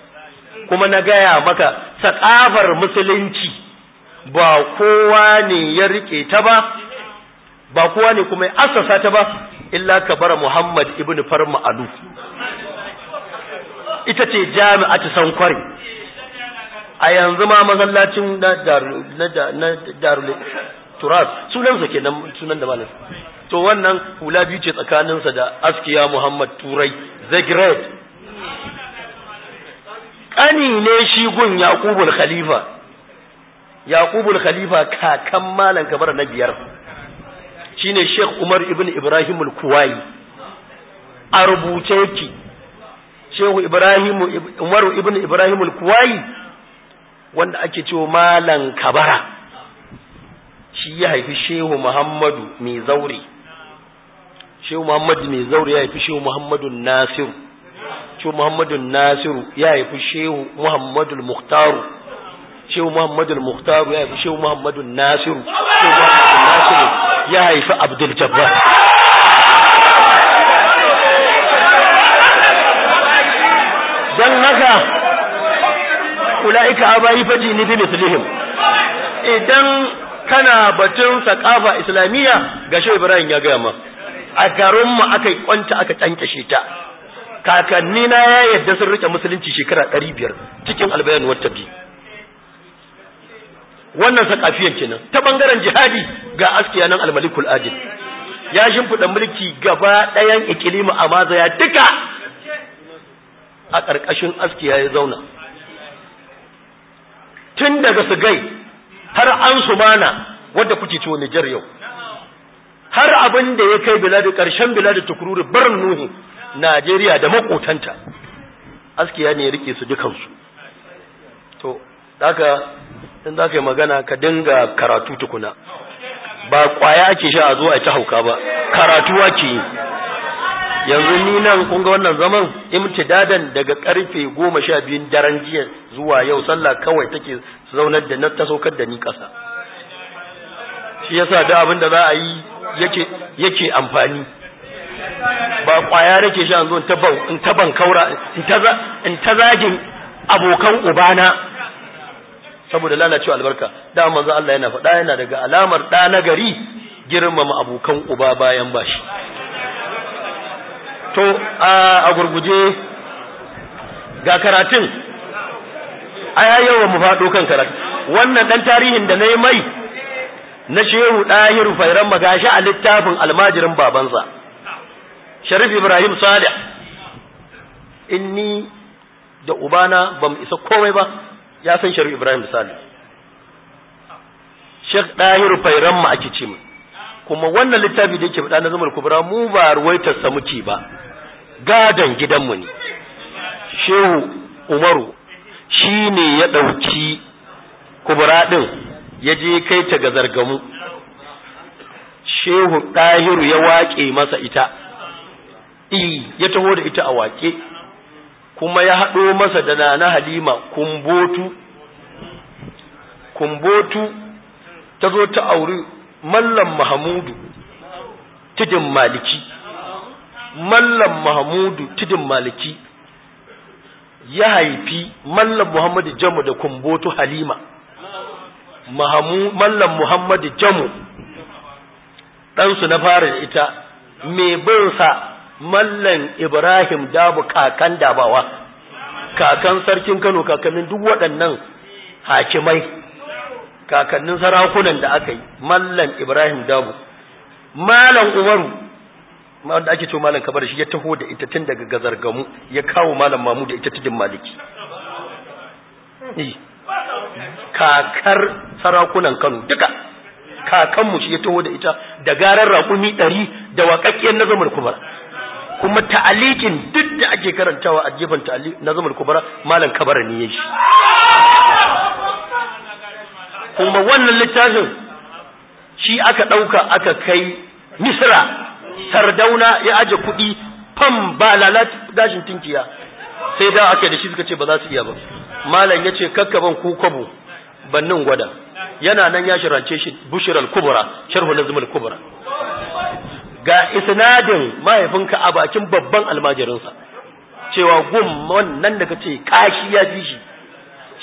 kuma na gaya maka sakafar musulunci ba kowa ne ya rike ta ba ba kowa ne kuma ya asasa ta ba illa ka bara Muhammad ibn Farma Alu ita ce jami'a ta kwari. a yanzu ma masallacin na darule turas sunansa ke sunan da to wannan hula biyu ce tsakaninsa da askiya Muhammad Turai Zagreb ƙani ne shi gun Yaqubul Khalifa Yaqubul Khalifa kakan malam kabara na biyar shine Sheikh Umar ibn Ibrahim al-Kuwai a rubuce yake Sheikh Ibrahim Umar ibn Ibrahim al-Kuwai wanda ake cewa Malan Kabara shi ya haifi Shehu Muhammadu mai zauri Shehu Muhammadu mai zauri ya haifi Shehu Muhammadu Nasiru Shehu Muhammadu Nasiru ya haifi Shehu Muhammadu Muhtaru Shehu Muhammadu Muhtaru ya haifi Shehu Muhammadu Nasiru Shehu ya haifi Abdul Jabbar dan haka ulaika bayi faji ni bi mislihim idan kana batun sakafa islamiyya ga shi Ibrahim ya gaya a garin mu aka kwanta aka tankashe ta kakanni na ya yadda sun rike musulunci shekara 500 cikin albayan wata biyu wannan sakafiyan kenan ta bangaren jihadi ga askiya nan almalikul ajil ya shimfiɗa mulki gaba ɗayan ikilima a ya duka a ƙarƙashin askiya ya zauna tun daga sigai har an sumana wadda kuke ciwo Nijar yau har abin da ya kai biladu ƙarshen da tukururi barin nuhi Najeriya da makotanta askiya ne ya rike su dukansu to haka in za ka yi magana ka dinga karatu tukuna ba kwaya ake sha a zo a ta hauka ba karatu ake yi yanzu ni nan kun ga wannan zaman imtidadan daga karfe goma sha biyun daren jiya zuwa yau sallah kawai take zaunar da na ta saukar da ni kasa shi yasa da abin da za a yi yake amfani ba kwaya ke sha zo in ta ban kaura in ta zagin abokan ubana saboda lalacewa albarka da manzo Allah yana faɗa yana daga alamar ɗa na gari girmama abokan uba bayan bashi to a gurguje ga karatun a yawa mu faɗo kan karatu wannan dan tarihin da na yi mai na shehu dahiru, fairan magashi a littafin almajirin babansa sharif ibrahim salih inni da ubana ba mu isa komai ba ya san sharu Ibrahim misali Sheikh Dahir Fairan mu ake ce mu kuma wannan littafi da yake faɗa na zumar Kubra mu ba ruwaitar sa muke ba gadan mu ne Shehu Umaru shine ya dauki Kubra din ya je kai ta ga zargamu Shehu Dahir ya waƙe masa ita i ya taho da ita a waƙe kuma ya haɗo masa da nana halima kumbotu kumbotu ta zo ta auri mallam mahamudu tijin maliki mallam mahamudu tijin maliki ya haifi mallam muhammadu jamu da kumbotu halima mallam muhammadu jamu ɗansu na fara da ita mai bin sa mallan ibrahim dabu kakan dabawa kakan sarkin kano kakannin duk waɗannan hakimai kakannin sarakunan da aka yi mallan ibrahim dabu malam umaru wanda ake to malam kabar shi ya taho da ita tun daga gazargamu ya kawo malam mamu da ita tudun maliki eh, kakar sarakunan kano duka kakanmu shi ya taho da ita da garar raƙumi ɗari da waƙaƙƙiyar nazamar kubara. kuma ta'alikin duk da ake karantawa a jefan ta'ali na zaman kubara malam kabara ne yashi kuma wannan littafin shi aka dauka aka kai misra sardauna ya aje kuɗi, fam ba lalat gashin tinkiya sai da aka da shi suka ce ba za su iya ba malam yace kakkaban ku kwabo bannin gwada yana nan ya shirance shi bushiral kubra sharhu nazmul kubra ga isnadin mahaifinka a bakin babban almajirinsa cewa gum wannan da kace kashi ya ji shi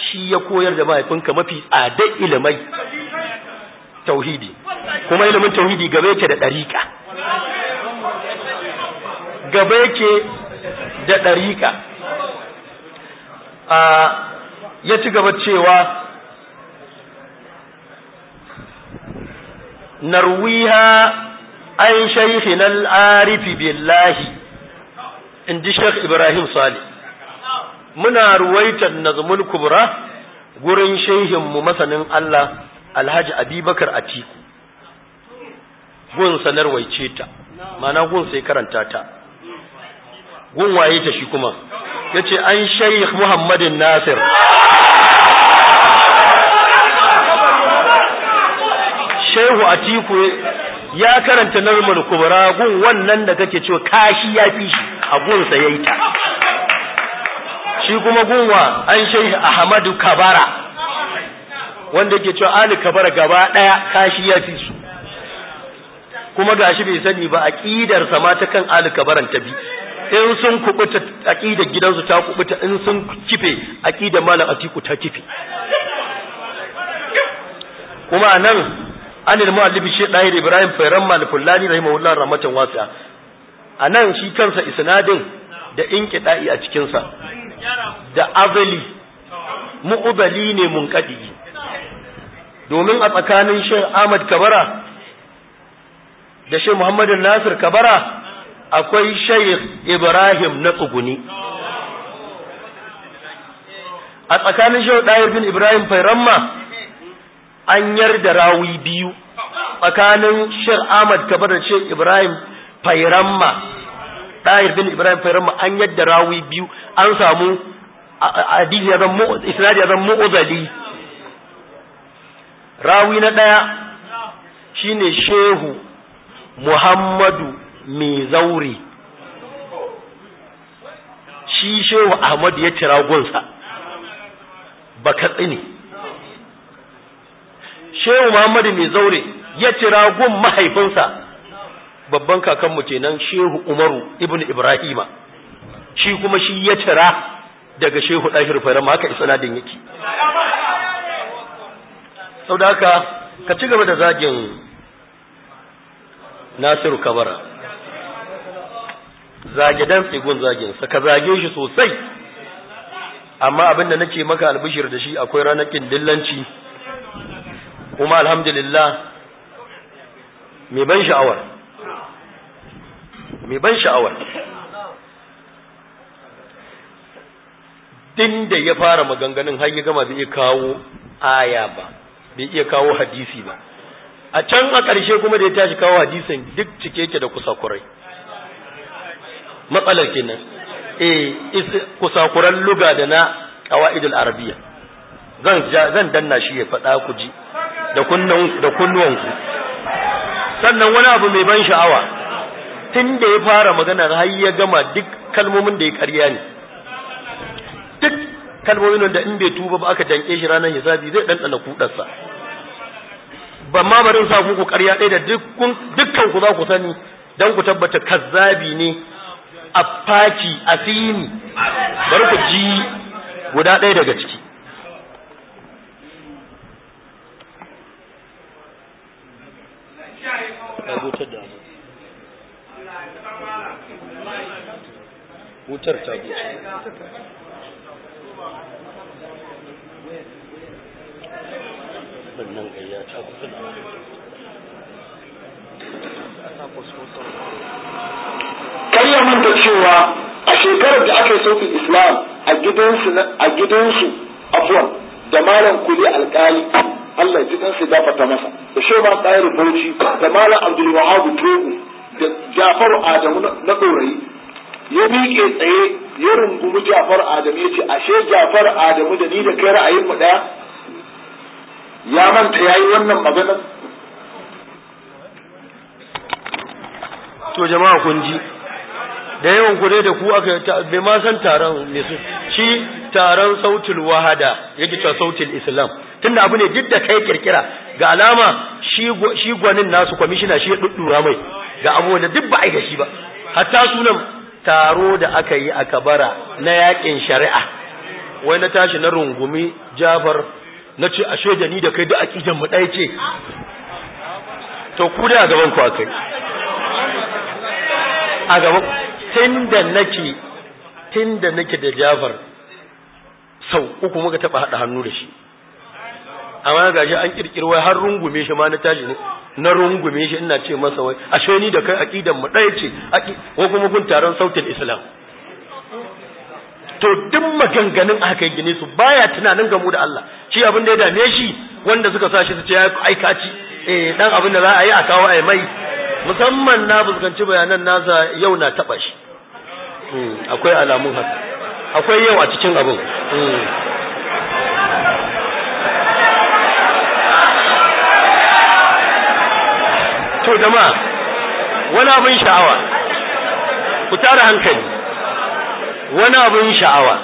shi ya koyar da mahaifinka mafi tsadar ilimai tauhidi kuma ilimin tauhidi gaba yake da dariqa gaba yake da ɗarika. ya ci gaba cewa narwiha an shaifi al-arif billahi in ji ibrahim sali muna ruwaitar nazmul kubra gurin mu masanin allah alhaji abubakar Atiku. gun gun waice ta mana gun sai karanta ta gun waye ta shi kuma ya ce an muhammadin nasir shehu atiku ya karanta narmar kubra gun wannan da kake cewa kashi ya fi shi a gunsa ya yi ta shi kuma gunwa an shaihi ahmadu kabara wanda yake cewa ali kabara gaba daya kashi ya fi su kuma gashi bai sani ba aqidar sa ma ta kan ali kabaran ta bi in sun kubuta aqidar gidansu ta kubuta in sun kife aqidar malam atiku ta kife kuma nan. an ilmu alibi shi dai Ibrahim Fairan Malikullani rahimahullah rahmatan wasi'a anan shi kansa isnadin da ɗa'i a cikinsa. da azali mu'ubali ne munqadi domin a tsakanin shi Ahmad Kabara da shi Muhammad Nasir Kabara akwai Sheikh Ibrahim na tsuguni a tsakanin shi Dahir Ibrahim Fairanma an yarda rawi biyu tsakanin Sheikh Ahmad Kabar da Sheikh Ibrahim Fairamma Dahir bin Ibrahim Fairamma an yarda rawi biyu an samu hadisi ya zama isnadi ya zama mu'zali rawi na daya shine Shehu Muhammadu Mai zaure, shi Shehu Ahmadu ya tira gunsa ka tsini shehu muhammadu mai zaure ya cira gun mahaifinsa babban kakanmu kenan shehu umaru ibn Ibrahim, shi kuma shi ya cira daga shehu ɗahir ma haka isanadin yake sau da haka ka ci gaba da zagin nasiru kabara zage dan tsigun sa, ka zage shi sosai amma abin da nake maka albishir da shi akwai ranar dillanci kuma alhamdulillah mai ban sha'awar mai ban sha'awar din da ya fara maganganun har gama bai iya kawo aya ba bai iya kawo hadisi ba a can a ƙarshe kuma da ya tashi kawo hadisin duk cike ke da kusakurai matsalar kenan e kusakuran luga da na ƙawa'idul Arabiya. zan zan danna shi ya faɗa ku ji da kunnuwanku sannan wani abu mai ban sha'awa tun da ya fara magana har ya gama duk kalmomin da ya karya ne duk kalmomin da in bai tuba ba aka danke shi ranar hisabi zai ɗanɗana kuɗarsa ba ma barin sa ku karya ɗaya da dukkan ku za ku sani don ku tabbata kazzabi ne a a asini bari ku ji guda ɗaya daga ciki wutar da abu wutar ta wuce wannan gayya ta kusa da Karya manta cewa a shekarar da aka yi sautin Islam a gidansu a gidansu abuwan da malam kuli alkali Allah ya ji sai dafata masa da ba tsayar bauchi da malam abdul wahab da jafar adamu na ɗorayi ya miƙe tsaye ya rungumi jafar adamu ya ce ashe jafar adamu da ni da kai ra'ayin mu ɗaya ya manta yayi wannan maganar to jama'a kun ji da yawan ku dai da ku aka bai ma san taron ne shi taron sautul wahada yake ta sautul islam tunda abu ne duk da kai kirkira ga alama shi gwanin nasu kwamishina shi ya duddura mai ga abubuwan duk ba a yi da shi ba hatta sunan taro da aka yi a kabara na yakin shari'a wai na tashi na rungumi Jafar na ce ashe da ni da kai duk a mu dai ce to ku da gaban ku akai a gaban tunda nake tunda nake da Jafar sau uku muka taba haɗa hannu da shi amma gashi an kirkiro wai har rungume shi ma na tashi ne na rungume shi ina ce masa wai ashe ni da kai aqidan mu ɗaya ce ko kuma kun taron sautin islam to duk maganganun aka gine su baya tunanin gamu da Allah shi abin da ya dame shi wanda suka sa shi su ce aika kaci eh dan abin da za a yi a kawo a mai musamman na fuskanci bayanan nasa yau na taba shi hmm, akwai alamun haka akwai yau a cikin abin hmm. jama'a wani abin sha'awa ku tara hankali wani abin sha'awa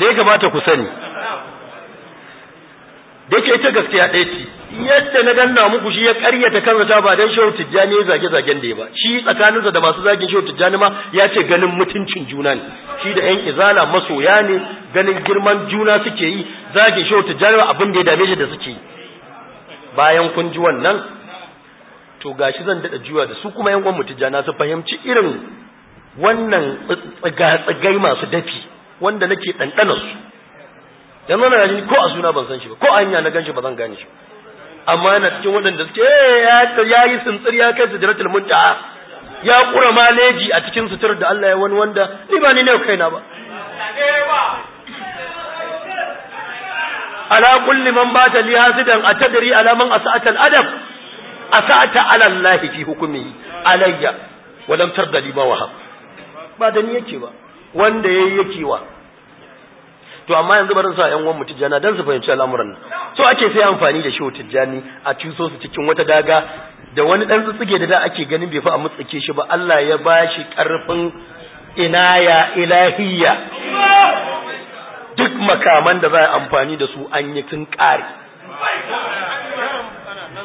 da ya kamata ku sani da ke ta gaskiya ɗaya ce yadda na danna muku shi ya karyata kan rata ba dan shawar tijjani ya zage zagen da ya ba shi tsakaninsa da masu zagin shawar tijjani ma ya ce ganin mutuncin juna ne shi da yan izala masoya ne ganin girman juna suke yi zagin shawar tijjani abin da ya dame shi da suke yi bayan kun ji wannan to gashi zan dada juya da su kuma yan uwan mutijana su fahimci irin wannan tsagatsagai masu dafi wanda nake ɗanɗanar su dan nan gashi ko a suna ban san shi ba ko anya na ganshi ba zan gane shi amma na cikin waɗanda suke eh, ya ya yi tsintsir ya kai sidratul muntaha ya kura maleji a cikin sutur da Allah ya wani wanda ni ba ni ne kaina ba ala kulli man bata li hasidan atadri ala man asata al adab asata ala Allah fi hukumi alayya wa lam tardali ma wahab ba da ni yake ba wanda yayi yake wa to amma yanzu barin sa yan uwan mu tijjana dan su fahimci al'amuran nan so ake sai amfani da shi tijjani a ciso su cikin wata daga da wani dan tsitsige da da ake ganin bai fa a mutsike shi ba Allah ya bashi karfin inaya ilahiyya duk makaman da za a amfani da su an yi tun kare.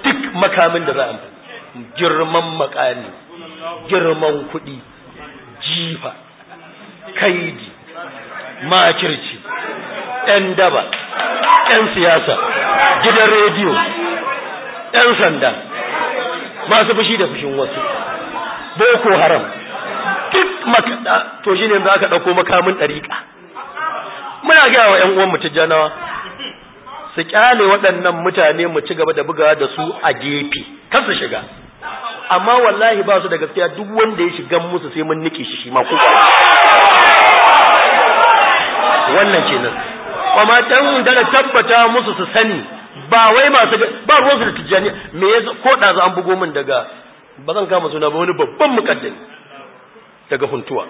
duk makamin da za a girman makami girman kuɗi jifa kaidi makirci ‘yan daba ‘yan siyasa gidan rediyo ɗan sanda masu fushi da fushin wasu boko haram duk makaɗa to shi ne za ka ɗauko makamin ɗariƙa muna gaya wa ‘yan uwan mutu janawa su kyale waɗannan mutane mu ci gaba da bugawa da su a gefe kar su shiga amma wallahi ba su da gaskiya duk wanda ya shiga musu sai mun nike shi shi ma kuka wannan kenan kuma dan da tabbata musu su sani ba wai masu ba ruwansu da tijjani me ya ko ɗazu an bugo min daga ba zan kama suna ba wani babban mukaddami daga huntuwa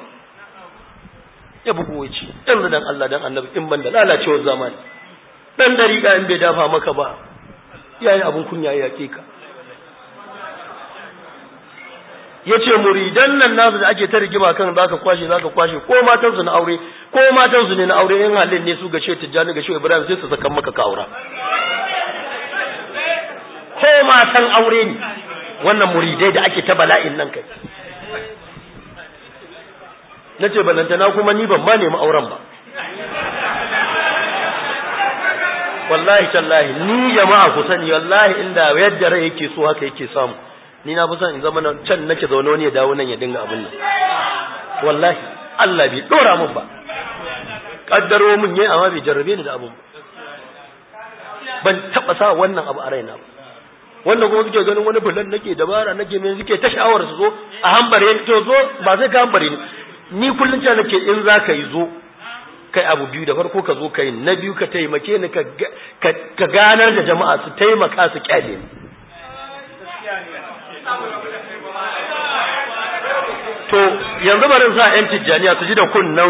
ya bugo ya ce dan Allah dan annabi in ban da lalacewar zamani Ɗan dariƙa in bai dafa maka ba yayi abin kunya ya yake ka yace muridan nan nasu da ake ta rigima kan zaka kwashe zaka kwashe ko matan na aure ko matan ne na aure in halin ne su ga tijjani ga ibrahim sai su saka maka ka aura ko matan aure ne wannan muridai da ake ta bala'in nan kai nace na kuma ni ban ma nemi auren ba wallahi tallahi ni jama'a ku sani wallahi inda yadda rai yake so haka yake samu ni na fusa in zama can nake zaune wani ya dawo nan ya dinga abin nan wallahi Allah bai dora mun ba kaddaro mun yayi amma bai jarrabe ni da abin ban taba sa wannan abu a raina ba Wannan kuma kike ganin wani bulan nake dabara nake men suke ta sha'awar su zo a hambare to zo ba zai ga hambare ni ni kullun ta nake in za ka yi zo kai abu biyu da farko ka zo kai na biyu ka taimake ni ka ganar da jama'a su taimaka su kyale ni to yanzu barin sa yan tijjaniya su ji da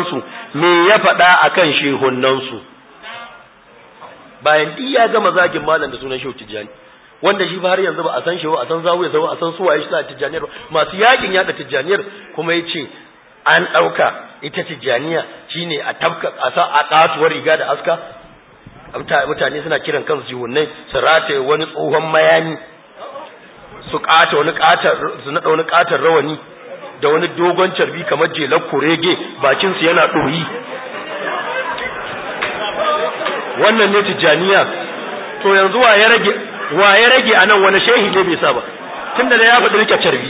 su me ya faɗa akan su? bayan duk ya gama zagin malam da sunan shehu tijjani wanda shi ba har yanzu ba a san shehu a san ya zawo a san suwaye shi sa tijjaniyar masu yakin yada tijjaniyar kuma ya ce an ɗauka ita tijjaniya shine a tabka a sa a katuwar riga da aska mutane suna kiran kansu jiwunnai su rata wani tsohon mayani su kata wani katar su nada wani katar rawani da wani dogon carbi kamar jelar kurege bakin su yana doyi wannan ne Tijaniya? to yanzu wa ya rage wa ya rage anan wani shehi ne bai sa ba tunda da ya faɗi rike carbi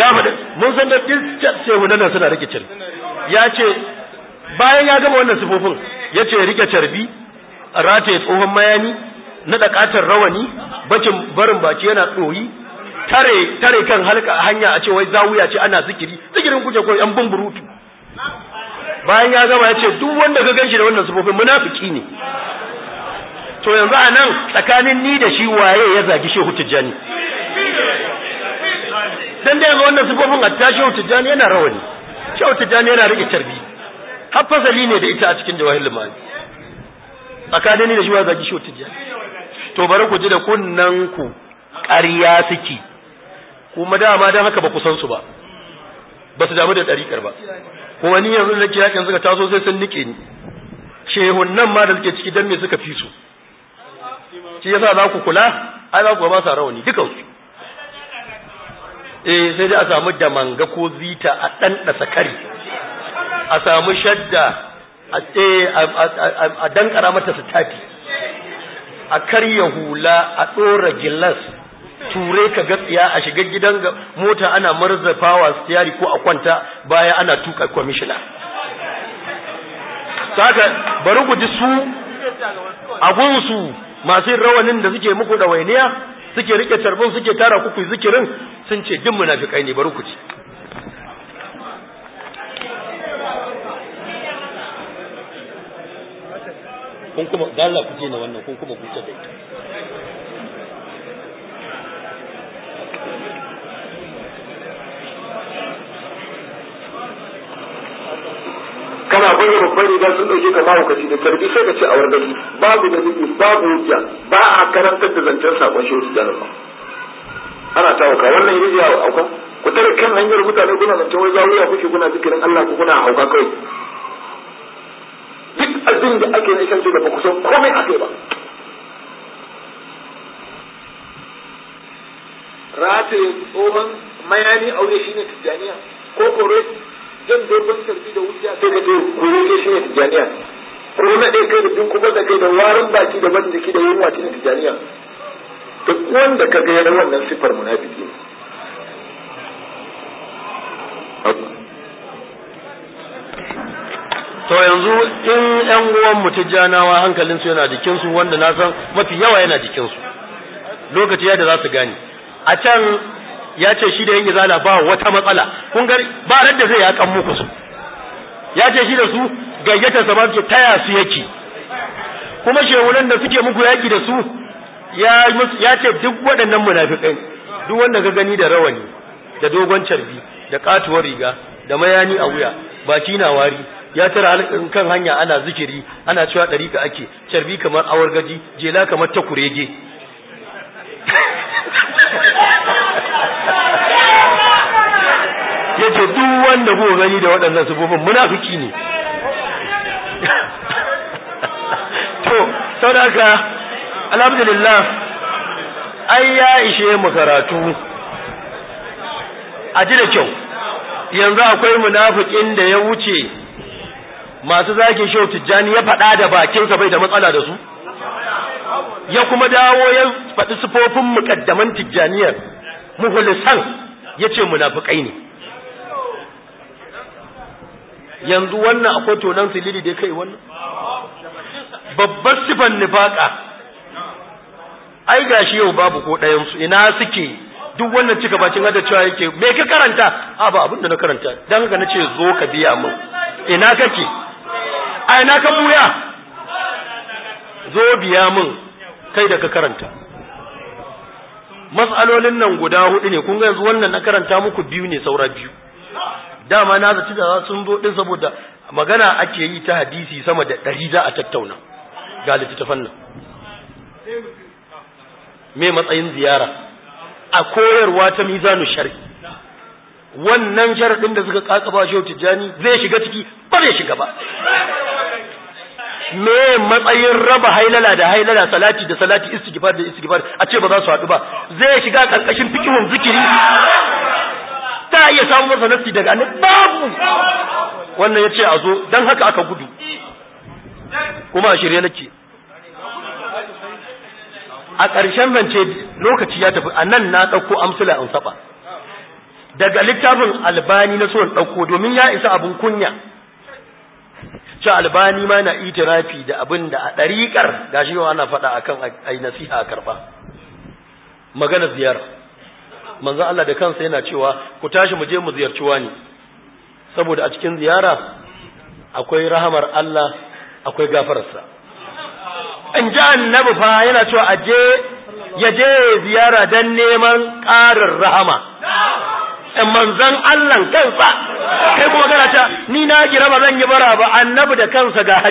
ya faɗi mun san da duk shehu nan suna rike carbi ya ce bayan ya gama wannan sifofin ya ce rike carbi rataye tsohon mayani na ƙatar rawani bakin barin baki yana ɗoyi tare kan halka a hanya a ce wai zawuya ce ana zikiri zikirin kuke ko yan burutu bayan ya gama ya ce duk wanda ka ganshi da wannan sifofin munafiki ne to yanzu a nan tsakanin ni da shi waye ya zagi shehu tijjani dan yanzu wannan sifofin a tashi shehu tijjani yana rawani ta jami'a yana rike carbi har fasali ne da ita a cikin jawahir limani tsakanin da shi wa zagi Shehu to bari ku ji da kunnan ku ƙarya suke kuma dama dan haka ba ku san su ba ba su damu da ɗariƙar ba kuma ni yanzu da kira suka taso sai sun nike ni shehun nan ma da suke ciki dan me suka fi su shi yasa za ku kula ai za ku ba sa rawani dukansu eh sai dai a samu damanga ko zita a dan da sakari a samu shadda a eh a dankara mata sitati a karya hula a dora gilas ture ka ga tsiya, a shiga gidan mota ana marzafawa stiyari ko a kwanta baya ana tuka commissioner saka bari ku ji su a gunsu masu rawanin da suke muku da wainiya. suke rike tarbon suke tara kuku zikirin sun ce din munafikai ne bari ku ci kun kuma dalla ku je na wannan kun kuma ku ita. kana gwada babban da sun dauke ka mahaukaci da tarbi sai ka ci a wargari babu da nufi babu hujja ba a karantar da zancen sakon shi tijjani ba ana ta hauka wannan yi ya hauka ku tare kan hanyar mutane kuna zancen wai zawiya kuke kuna zikirin Allah ku kuna hauka kai duk abin da ake na isance da ba ku komai ake ba rataye tsohon mayani aure shine tijjaniya ko kore jan dogon sarki da wuce sai ka ce kore shine tijjaniya ko na ɗaya kai da duk kuma da kai da warin baki da ban jiki da yunwa cikin tijaniya duk wanda ka ga yana wannan sifar munafiki ne to yanzu in yan uwan mu tijanawa hankalin su yana jikin su wanda na san mafi yawa yana jikin su lokaci yadda za su gane a can ya ce shi da yin izala ba wata matsala kun gari ba da zai ya kan muku su ya ce shi da su gayyatar sa ba taya su yake kuma shehunan da suke muku yaki da su ya ce duk waɗannan munafikai duk wanda ka gani da rawani da dogon carbi da katuwar riga da mayani a wuya baki na wari ya tara kan hanya ana zikiri ana cewa ka ake carbi kamar awar gaji jela kamar takurege. kurege yace duk wanda ko gani da waɗannan sufofin munafiki ne to sauraka, alhamdulillah ai ya ishe mu karatu a ji da kyau yanzu akwai munafikin da ya wuce masu zaki shau tijjani ya faɗa da bakinsa bai da matsala da su ya kuma dawo ya faɗi sufofin mukaddaman tijjaniyar muhulisan ya ce munafikai ne yanzu wannan akwai tonan silili da ya kai wannan babbar sifan nifaka ai gashi yau babu ko ɗayan su ina suke duk wannan cika bakin hada cewa yake me ka karanta a ba abin da na karanta dan haka nace zo ka biya mu ina kake a ina ka buya zo biya mun kai da ka karanta mas'alolin nan guda hudu ne kun ga yanzu wannan na karanta muku biyu ne saura biyu dama na zaci da za sun zo din saboda magana ake yi ta hadisi sama da ɗari za a tattauna ga littattafan nan me matsayin ziyara a koyarwa ta mizanu shari wannan ɗin da suka kakaba shi tijjani zai shiga ciki ba zai shiga ba me matsayin raba hailala da hailala salati da salati istighfar da istighfar a ce ba za su haɗu ba zai shiga ƙarƙashin fikihun zikiri ta iya samun masa daga nan babu wannan yace a zo dan haka aka gudu kuma a shirye nake a ƙarshen zance lokaci ya tafi a nan na ɗauko amsila in saba daga littafin albani na so ɗauko domin ya isa abin kunya ce albani ma na itirafi da abin da a ɗariƙar gashi yau ana faɗa akan ai nasiha a karɓa magana ziyara manzo Allah da kansa yana cewa ku tashi mu je mu ziyarci wani saboda a cikin ziyara akwai rahamar Allah akwai gafararsa in ji annabi fa yana cewa a ya je ziyara dan neman ƙarin rahama manzan Allah kansa kai kuma gara ta ni na gira ba zan yi bara ba annabi da kansa ga